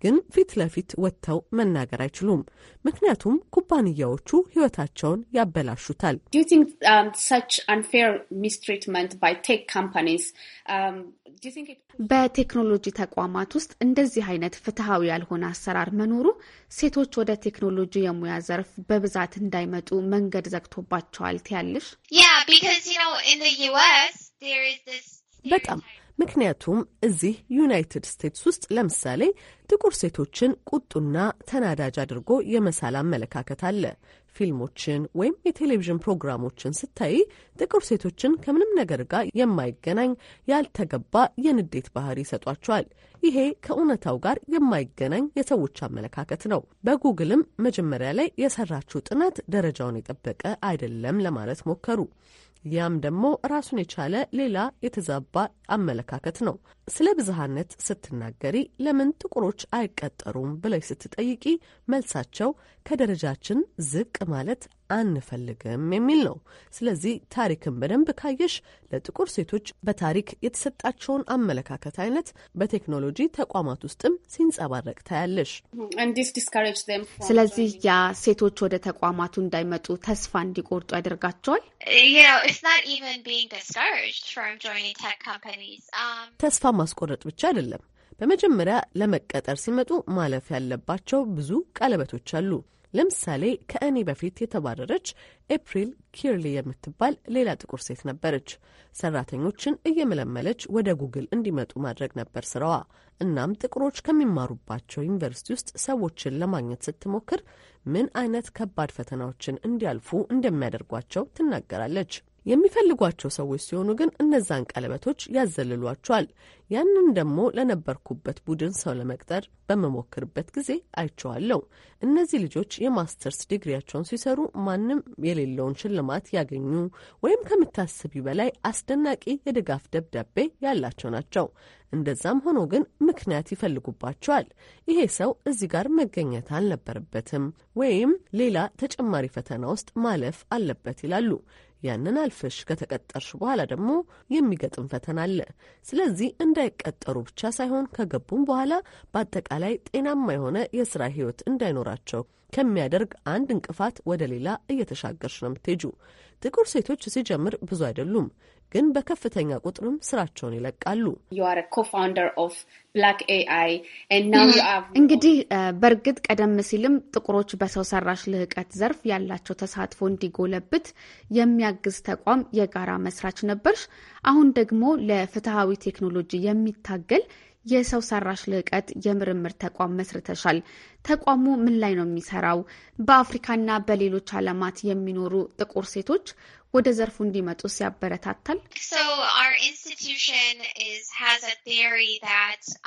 ግን ፊት ለፊት ወጥተው መናገር አይችሉም፣ ምክንያቱም ኩባንያዎቹ ሕይወታቸውን ያበላሹታል። በቴክኖሎጂ ተቋማት ውስጥ እንደዚህ አይነት ፍትሐዊ ያልሆነ አሰራር መኖሩ ሴቶች ወደ ቴክኖሎጂ የሙያ ዘርፍ በብዛት እንዳይመጡ መንገድ ዘግቶባቸዋል ትያለሽ? በጣም ምክንያቱም እዚህ ዩናይትድ ስቴትስ ውስጥ ለምሳሌ ጥቁር ሴቶችን ቁጡና ተናዳጅ አድርጎ የመሳል አመለካከት አለ። ፊልሞችን ወይም የቴሌቪዥን ፕሮግራሞችን ስታይ ጥቁር ሴቶችን ከምንም ነገር ጋር የማይገናኝ ያልተገባ የንዴት ባህሪ ይሰጧቸዋል። ይሄ ከእውነታው ጋር የማይገናኝ የሰዎች አመለካከት ነው። በጉግልም መጀመሪያ ላይ የሰራችው ጥናት ደረጃውን የጠበቀ አይደለም ለማለት ሞከሩ። ያም ደግሞ ራሱን የቻለ ሌላ የተዛባ አመለካከት ነው። ስለ ብዝሃነት ስትናገሪ ለምን ጥቁሮች አይቀጠሩም ብለሽ ስትጠይቂ መልሳቸው ከደረጃችን ዝቅ ማለት አንፈልግም የሚል ነው። ስለዚህ ታሪክን በደንብ ካየሽ ለጥቁር ሴቶች በታሪክ የተሰጣቸውን አመለካከት አይነት በቴክኖሎጂ ተቋማት ውስጥም ሲንጸባረቅ ታያለሽ። ስለዚህ ያ ሴቶች ወደ ተቋማቱ እንዳይመጡ ተስፋ እንዲቆርጡ ያደርጋቸዋል። um, ተስፋ ማስቆረጥ ብቻ አይደለም። በመጀመሪያ ለመቀጠር ሲመጡ ማለፍ ያለባቸው ብዙ ቀለበቶች አሉ። ለምሳሌ ከእኔ በፊት የተባረረች ኤፕሪል ኪርሊ የምትባል ሌላ ጥቁር ሴት ነበረች። ሰራተኞችን እየመለመለች ወደ ጉግል እንዲመጡ ማድረግ ነበር ስራዋ። እናም ጥቁሮች ከሚማሩባቸው ዩኒቨርሲቲ ውስጥ ሰዎችን ለማግኘት ስትሞክር ምን አይነት ከባድ ፈተናዎችን እንዲያልፉ እንደሚያደርጓቸው ትናገራለች። የሚፈልጓቸው ሰዎች ሲሆኑ ግን እነዛን ቀለበቶች ያዘልሏቸዋል። ያንን ደግሞ ለነበርኩበት ቡድን ሰው ለመቅጠር በመሞክርበት ጊዜ አይቸዋለሁ። እነዚህ ልጆች የማስተርስ ዲግሪያቸውን ሲሰሩ ማንም የሌለውን ሽልማት ያገኙ ወይም ከምታስቢ በላይ አስደናቂ የድጋፍ ደብዳቤ ያላቸው ናቸው። እንደዛም ሆኖ ግን ምክንያት ይፈልጉባቸዋል። ይሄ ሰው እዚህ ጋር መገኘት አልነበረበትም ወይም ሌላ ተጨማሪ ፈተና ውስጥ ማለፍ አለበት ይላሉ። ያንን አልፈሽ ከተቀጠርሽ በኋላ ደግሞ የሚገጥም ፈተና አለ። ስለዚህ እንዳይቀጠሩ ብቻ ሳይሆን ከገቡም በኋላ በአጠቃላይ ጤናማ የሆነ የስራ ህይወት እንዳይኖራቸው ከሚያደርግ አንድ እንቅፋት ወደ ሌላ እየተሻገርሽ ነው የምትሄጁ። ጥቁር ሴቶች ሲጀምር ብዙ አይደሉም። ግን በከፍተኛ ቁጥርም ስራቸውን ይለቃሉ። <clears throat> እንግዲህ በእርግጥ ቀደም ሲልም ጥቁሮች በሰው ሰራሽ ልህቀት ዘርፍ ያላቸው ተሳትፎ እንዲጎለብት የሚያግዝ ተቋም የጋራ መስራች ነበርሽ። አሁን ደግሞ ለፍትሐዊ ቴክኖሎጂ የሚታገል የሰው ሰራሽ ልዕቀት የምርምር ተቋም መስርተሻል። ተቋሙ ምን ላይ ነው የሚሰራው? በአፍሪካና በሌሎች ዓለማት የሚኖሩ ጥቁር ሴቶች ወደ ዘርፉ እንዲመጡ ያበረታታል።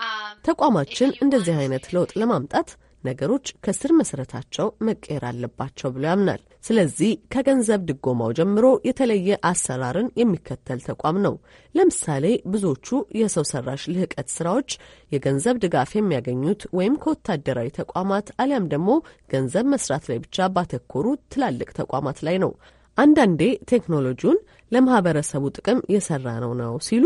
um, ተቋማችን እንደዚህ አይነት ለውጥ ለማምጣት ነገሮች ከስር መሰረታቸው መቀየር አለባቸው ብሎ ያምናል። ስለዚህ ከገንዘብ ድጎማው ጀምሮ የተለየ አሰራርን የሚከተል ተቋም ነው። ለምሳሌ ብዙዎቹ የሰው ሰራሽ ልህቀት ስራዎች የገንዘብ ድጋፍ የሚያገኙት ወይም ከወታደራዊ ተቋማት አሊያም ደግሞ ገንዘብ መስራት ላይ ብቻ ባተኮሩ ትላልቅ ተቋማት ላይ ነው። አንዳንዴ ቴክኖሎጂውን ለማህበረሰቡ ጥቅም የሰራ ነው ነው ሲሉ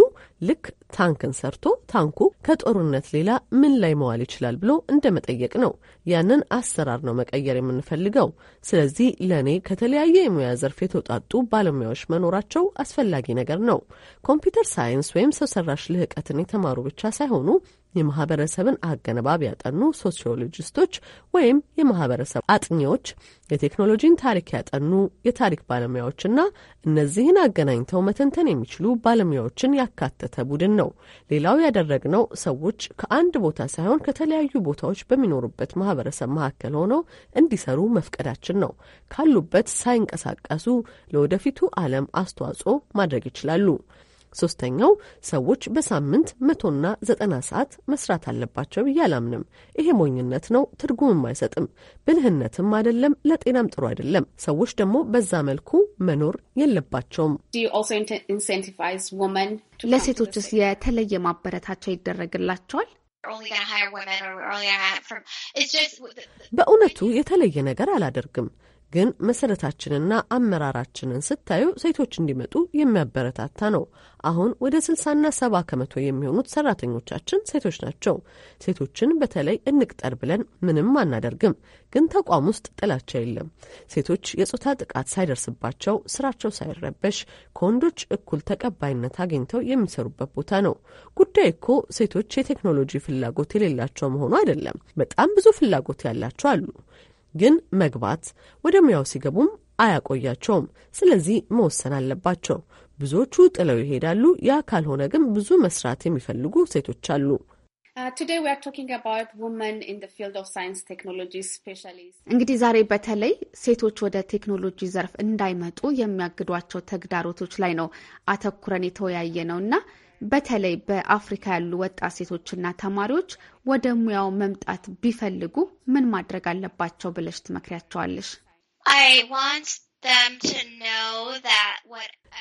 ልክ ታንክን ሰርቶ ታንኩ ከጦርነት ሌላ ምን ላይ መዋል ይችላል ብሎ እንደ መጠየቅ ነው። ያንን አሰራር ነው መቀየር የምንፈልገው። ስለዚህ ለእኔ ከተለያየ የሙያ ዘርፍ የተውጣጡ ባለሙያዎች መኖራቸው አስፈላጊ ነገር ነው። ኮምፒውተር ሳይንስ ወይም ሰው ሰራሽ ልህቀትን የተማሩ ብቻ ሳይሆኑ የማህበረሰብን አገነባብ ያጠኑ ሶሲዮሎጂስቶች ወይም የማህበረሰብ አጥኚዎች፣ የቴክኖሎጂን ታሪክ ያጠኑ የታሪክ ባለሙያዎችና እነዚህን አገናኝተው መተንተን የሚችሉ ባለሙያዎችን ያካተተ ቡድን ነው። ሌላው ያደረግነው ሰዎች ከአንድ ቦታ ሳይሆን ከተለያዩ ቦታዎች በሚኖሩበት ማህበረሰብ መካከል ሆነው እንዲሰሩ መፍቀዳችን ነው። ካሉበት ሳይንቀሳቀሱ ለወደፊቱ ዓለም አስተዋጽኦ ማድረግ ይችላሉ። ሶስተኛው ሰዎች በሳምንት መቶና ዘጠና ሰዓት መስራት አለባቸው ብዬ አላምንም። ይሄ ሞኝነት ነው፣ ትርጉምም አይሰጥም፣ ብልህነትም አይደለም፣ ለጤናም ጥሩ አይደለም። ሰዎች ደግሞ በዛ መልኩ መኖር የለባቸውም። ለሴቶችስ የተለየ ማበረታቻ ይደረግላቸዋል? በእውነቱ የተለየ ነገር አላደርግም። ግን መሰረታችንና አመራራችንን ስታዩ ሴቶች እንዲመጡ የሚያበረታታ ነው። አሁን ወደ ስልሳና ሰባ ከመቶ የሚሆኑት ሰራተኞቻችን ሴቶች ናቸው። ሴቶችን በተለይ እንቅጠር ብለን ምንም አናደርግም፣ ግን ተቋም ውስጥ ጥላቻ የለም። ሴቶች የጾታ ጥቃት ሳይደርስባቸው ስራቸው ሳይረበሽ ከወንዶች እኩል ተቀባይነት አግኝተው የሚሰሩበት ቦታ ነው። ጉዳይ እኮ ሴቶች የቴክኖሎጂ ፍላጎት የሌላቸው መሆኑ አይደለም። በጣም ብዙ ፍላጎት ያላቸው አሉ። ግን መግባት ወደ ሙያው ሲገቡም አያቆያቸውም። ስለዚህ መወሰን አለባቸው። ብዙዎቹ ጥለው ይሄዳሉ። ያ ካልሆነ ግን ብዙ መስራት የሚፈልጉ ሴቶች አሉ። uh, እንግዲህ ዛሬ በተለይ ሴቶች ወደ ቴክኖሎጂ ዘርፍ እንዳይመጡ የሚያግዷቸው ተግዳሮቶች ላይ ነው አተኩረን የተወያየ ነው እና በተለይ በአፍሪካ ያሉ ወጣት ሴቶችና ተማሪዎች ወደ ሙያው መምጣት ቢፈልጉ ምን ማድረግ አለባቸው ብለሽ ትመክሪያቸዋለሽ?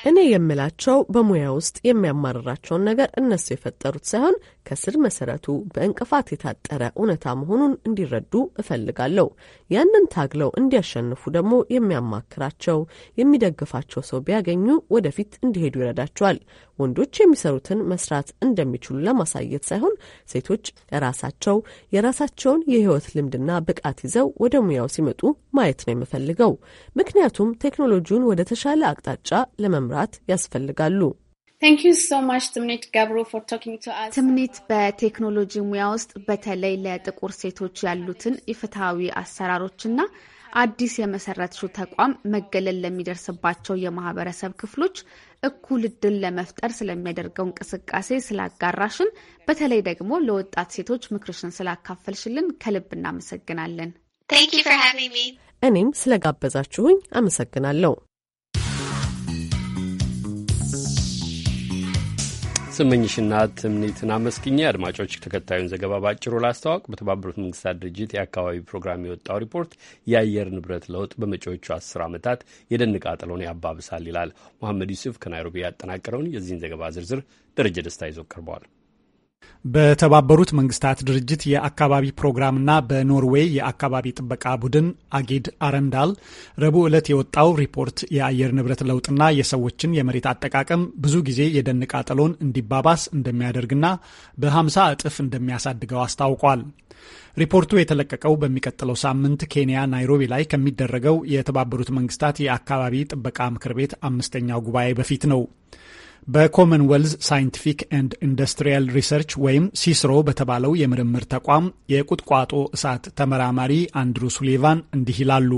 እኔ የምላቸው በሙያ ውስጥ የሚያማርራቸውን ነገር እነሱ የፈጠሩት ሳይሆን ከስር መሰረቱ በእንቅፋት የታጠረ እውነታ መሆኑን እንዲረዱ እፈልጋለሁ። ያንን ታግለው እንዲያሸንፉ ደግሞ የሚያማክራቸው፣ የሚደግፋቸው ሰው ቢያገኙ ወደፊት እንዲሄዱ ይረዳቸዋል። ወንዶች የሚሰሩትን መስራት እንደሚችሉ ለማሳየት ሳይሆን ሴቶች ራሳቸው የራሳቸውን የህይወት ልምድና ብቃት ይዘው ወደ ሙያው ሲመጡ ማየት ነው የምፈልገው ምክንያቱም ምክንያቱም ቴክኖሎጂውን ወደ ተሻለ አቅጣጫ ለመምራት ያስፈልጋሉ። ትምኒት በቴክኖሎጂ ሙያ ውስጥ በተለይ ለጥቁር ሴቶች ያሉትን የፍትሐዊ አሰራሮችና አዲስ የመሰረትሽው ተቋም መገለል ለሚደርስባቸው የማህበረሰብ ክፍሎች እኩል እድል ለመፍጠር ስለሚያደርገው እንቅስቃሴ ስላጋራሽን፣ በተለይ ደግሞ ለወጣት ሴቶች ምክርሽን ስላካፈልሽልን ከልብ እናመሰግናለን። እኔም ስለጋበዛችሁኝ አመሰግናለሁ። ስመኝሽና ትምኒትን አመስግኜ አድማጮች፣ ተከታዩን ዘገባ በአጭሩ ላስተዋወቅ። በተባበሩት መንግስታት ድርጅት የአካባቢ ፕሮግራም የወጣው ሪፖርት የአየር ንብረት ለውጥ በመጪዎቹ አስር ዓመታት የደን ቃጠሎን ያባብሳል ይላል። መሐመድ ዩሱፍ ከናይሮቢ ያጠናቀረውን የዚህን ዘገባ ዝርዝር ደረጀ ደስታ ይዞ ቀርበዋል። በተባበሩት መንግስታት ድርጅት የአካባቢ ፕሮግራምና በኖርዌይ የአካባቢ ጥበቃ ቡድን አጌድ አረንዳል ረቡዕ ዕለት የወጣው ሪፖርት የአየር ንብረት ለውጥና የሰዎችን የመሬት አጠቃቀም ብዙ ጊዜ የደን ቃጠሎን እንዲባባስ እንደሚያደርግና በ50 እጥፍ እንደሚያሳድገው አስታውቋል። ሪፖርቱ የተለቀቀው በሚቀጥለው ሳምንት ኬንያ ናይሮቢ ላይ ከሚደረገው የተባበሩት መንግስታት የአካባቢ ጥበቃ ምክር ቤት አምስተኛው ጉባኤ በፊት ነው። በኮመንዌልዝ ሳይንቲፊክ ኤንድ ኢንዱስትሪያል ሪሰርች ወይም ሲስሮ በተባለው የምርምር ተቋም የቁጥቋጦ እሳት ተመራማሪ አንድሩ ሱሊቫን እንዲህ ይላሉ።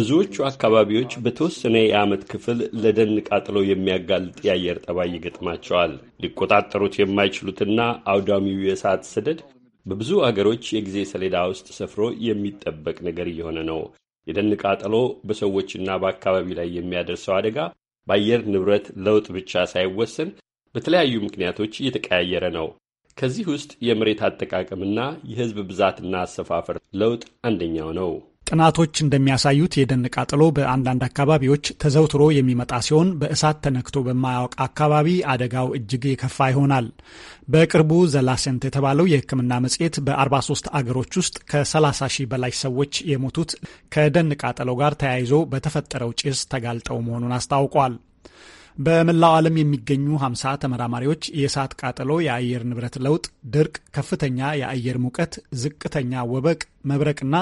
ብዙዎቹ አካባቢዎች በተወሰነ የዓመት ክፍል ለደን ቃጥሎ የሚያጋልጥ የአየር ጠባይ ይገጥማቸዋል። ሊቆጣጠሩት የማይችሉትና አውዳሚው የእሳት ሰደድ በብዙ አገሮች የጊዜ ሰሌዳ ውስጥ ሰፍሮ የሚጠበቅ ነገር እየሆነ ነው። የደን ቃጠሎ በሰዎችና በአካባቢ ላይ የሚያደርሰው አደጋ በአየር ንብረት ለውጥ ብቻ ሳይወሰን በተለያዩ ምክንያቶች እየተቀያየረ ነው። ከዚህ ውስጥ የመሬት አጠቃቀምና የሕዝብ ብዛትና አሰፋፈር ለውጥ አንደኛው ነው። ጥናቶች እንደሚያሳዩት የደን ቃጠሎ በአንዳንድ አካባቢዎች ተዘውትሮ የሚመጣ ሲሆን በእሳት ተነክቶ በማያውቅ አካባቢ አደጋው እጅግ የከፋ ይሆናል። በቅርቡ ዘላሴንት የተባለው የሕክምና መጽሔት በ43 አገሮች ውስጥ ከ30 ሺህ በላይ ሰዎች የሞቱት ከደን ቃጠሎ ጋር ተያይዞ በተፈጠረው ጭስ ተጋልጠው መሆኑን አስታውቋል። በመላው ዓለም የሚገኙ 50 ተመራማሪዎች የእሳት ቃጠሎ፣ የአየር ንብረት ለውጥ፣ ድርቅ፣ ከፍተኛ የአየር ሙቀት፣ ዝቅተኛ ወበቅ፣ መብረቅና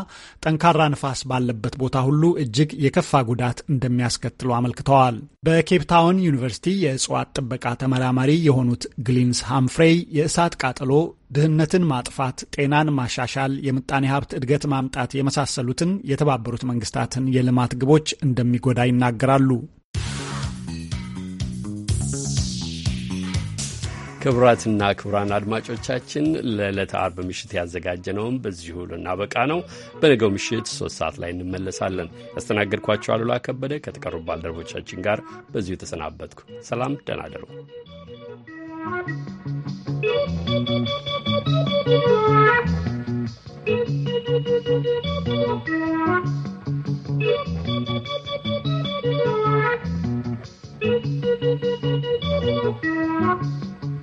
ጠንካራ ንፋስ ባለበት ቦታ ሁሉ እጅግ የከፋ ጉዳት እንደሚያስከትሉ አመልክተዋል። በኬፕታውን ዩኒቨርሲቲ የእጽዋት ጥበቃ ተመራማሪ የሆኑት ግሊንስ ሃምፍሬይ የእሳት ቃጠሎ ድህነትን ማጥፋት፣ ጤናን ማሻሻል፣ የምጣኔ ሀብት እድገት ማምጣት የመሳሰሉትን የተባበሩት መንግስታትን የልማት ግቦች እንደሚጎዳ ይናገራሉ። ክቡራትና ክቡራን አድማጮቻችን ለዕለተ አርብ ምሽት በዚህ ሁሉ እናበቃ ነው። በነገው ምሽት ሶስት ሰዓት ላይ እንመለሳለን። ያስተናገድኳቸው አሉላ ከበደ ከተቀሩ ባልደረቦቻችን ጋር በዚሁ ተሰናበትኩ። ሰላም፣ ደህና you.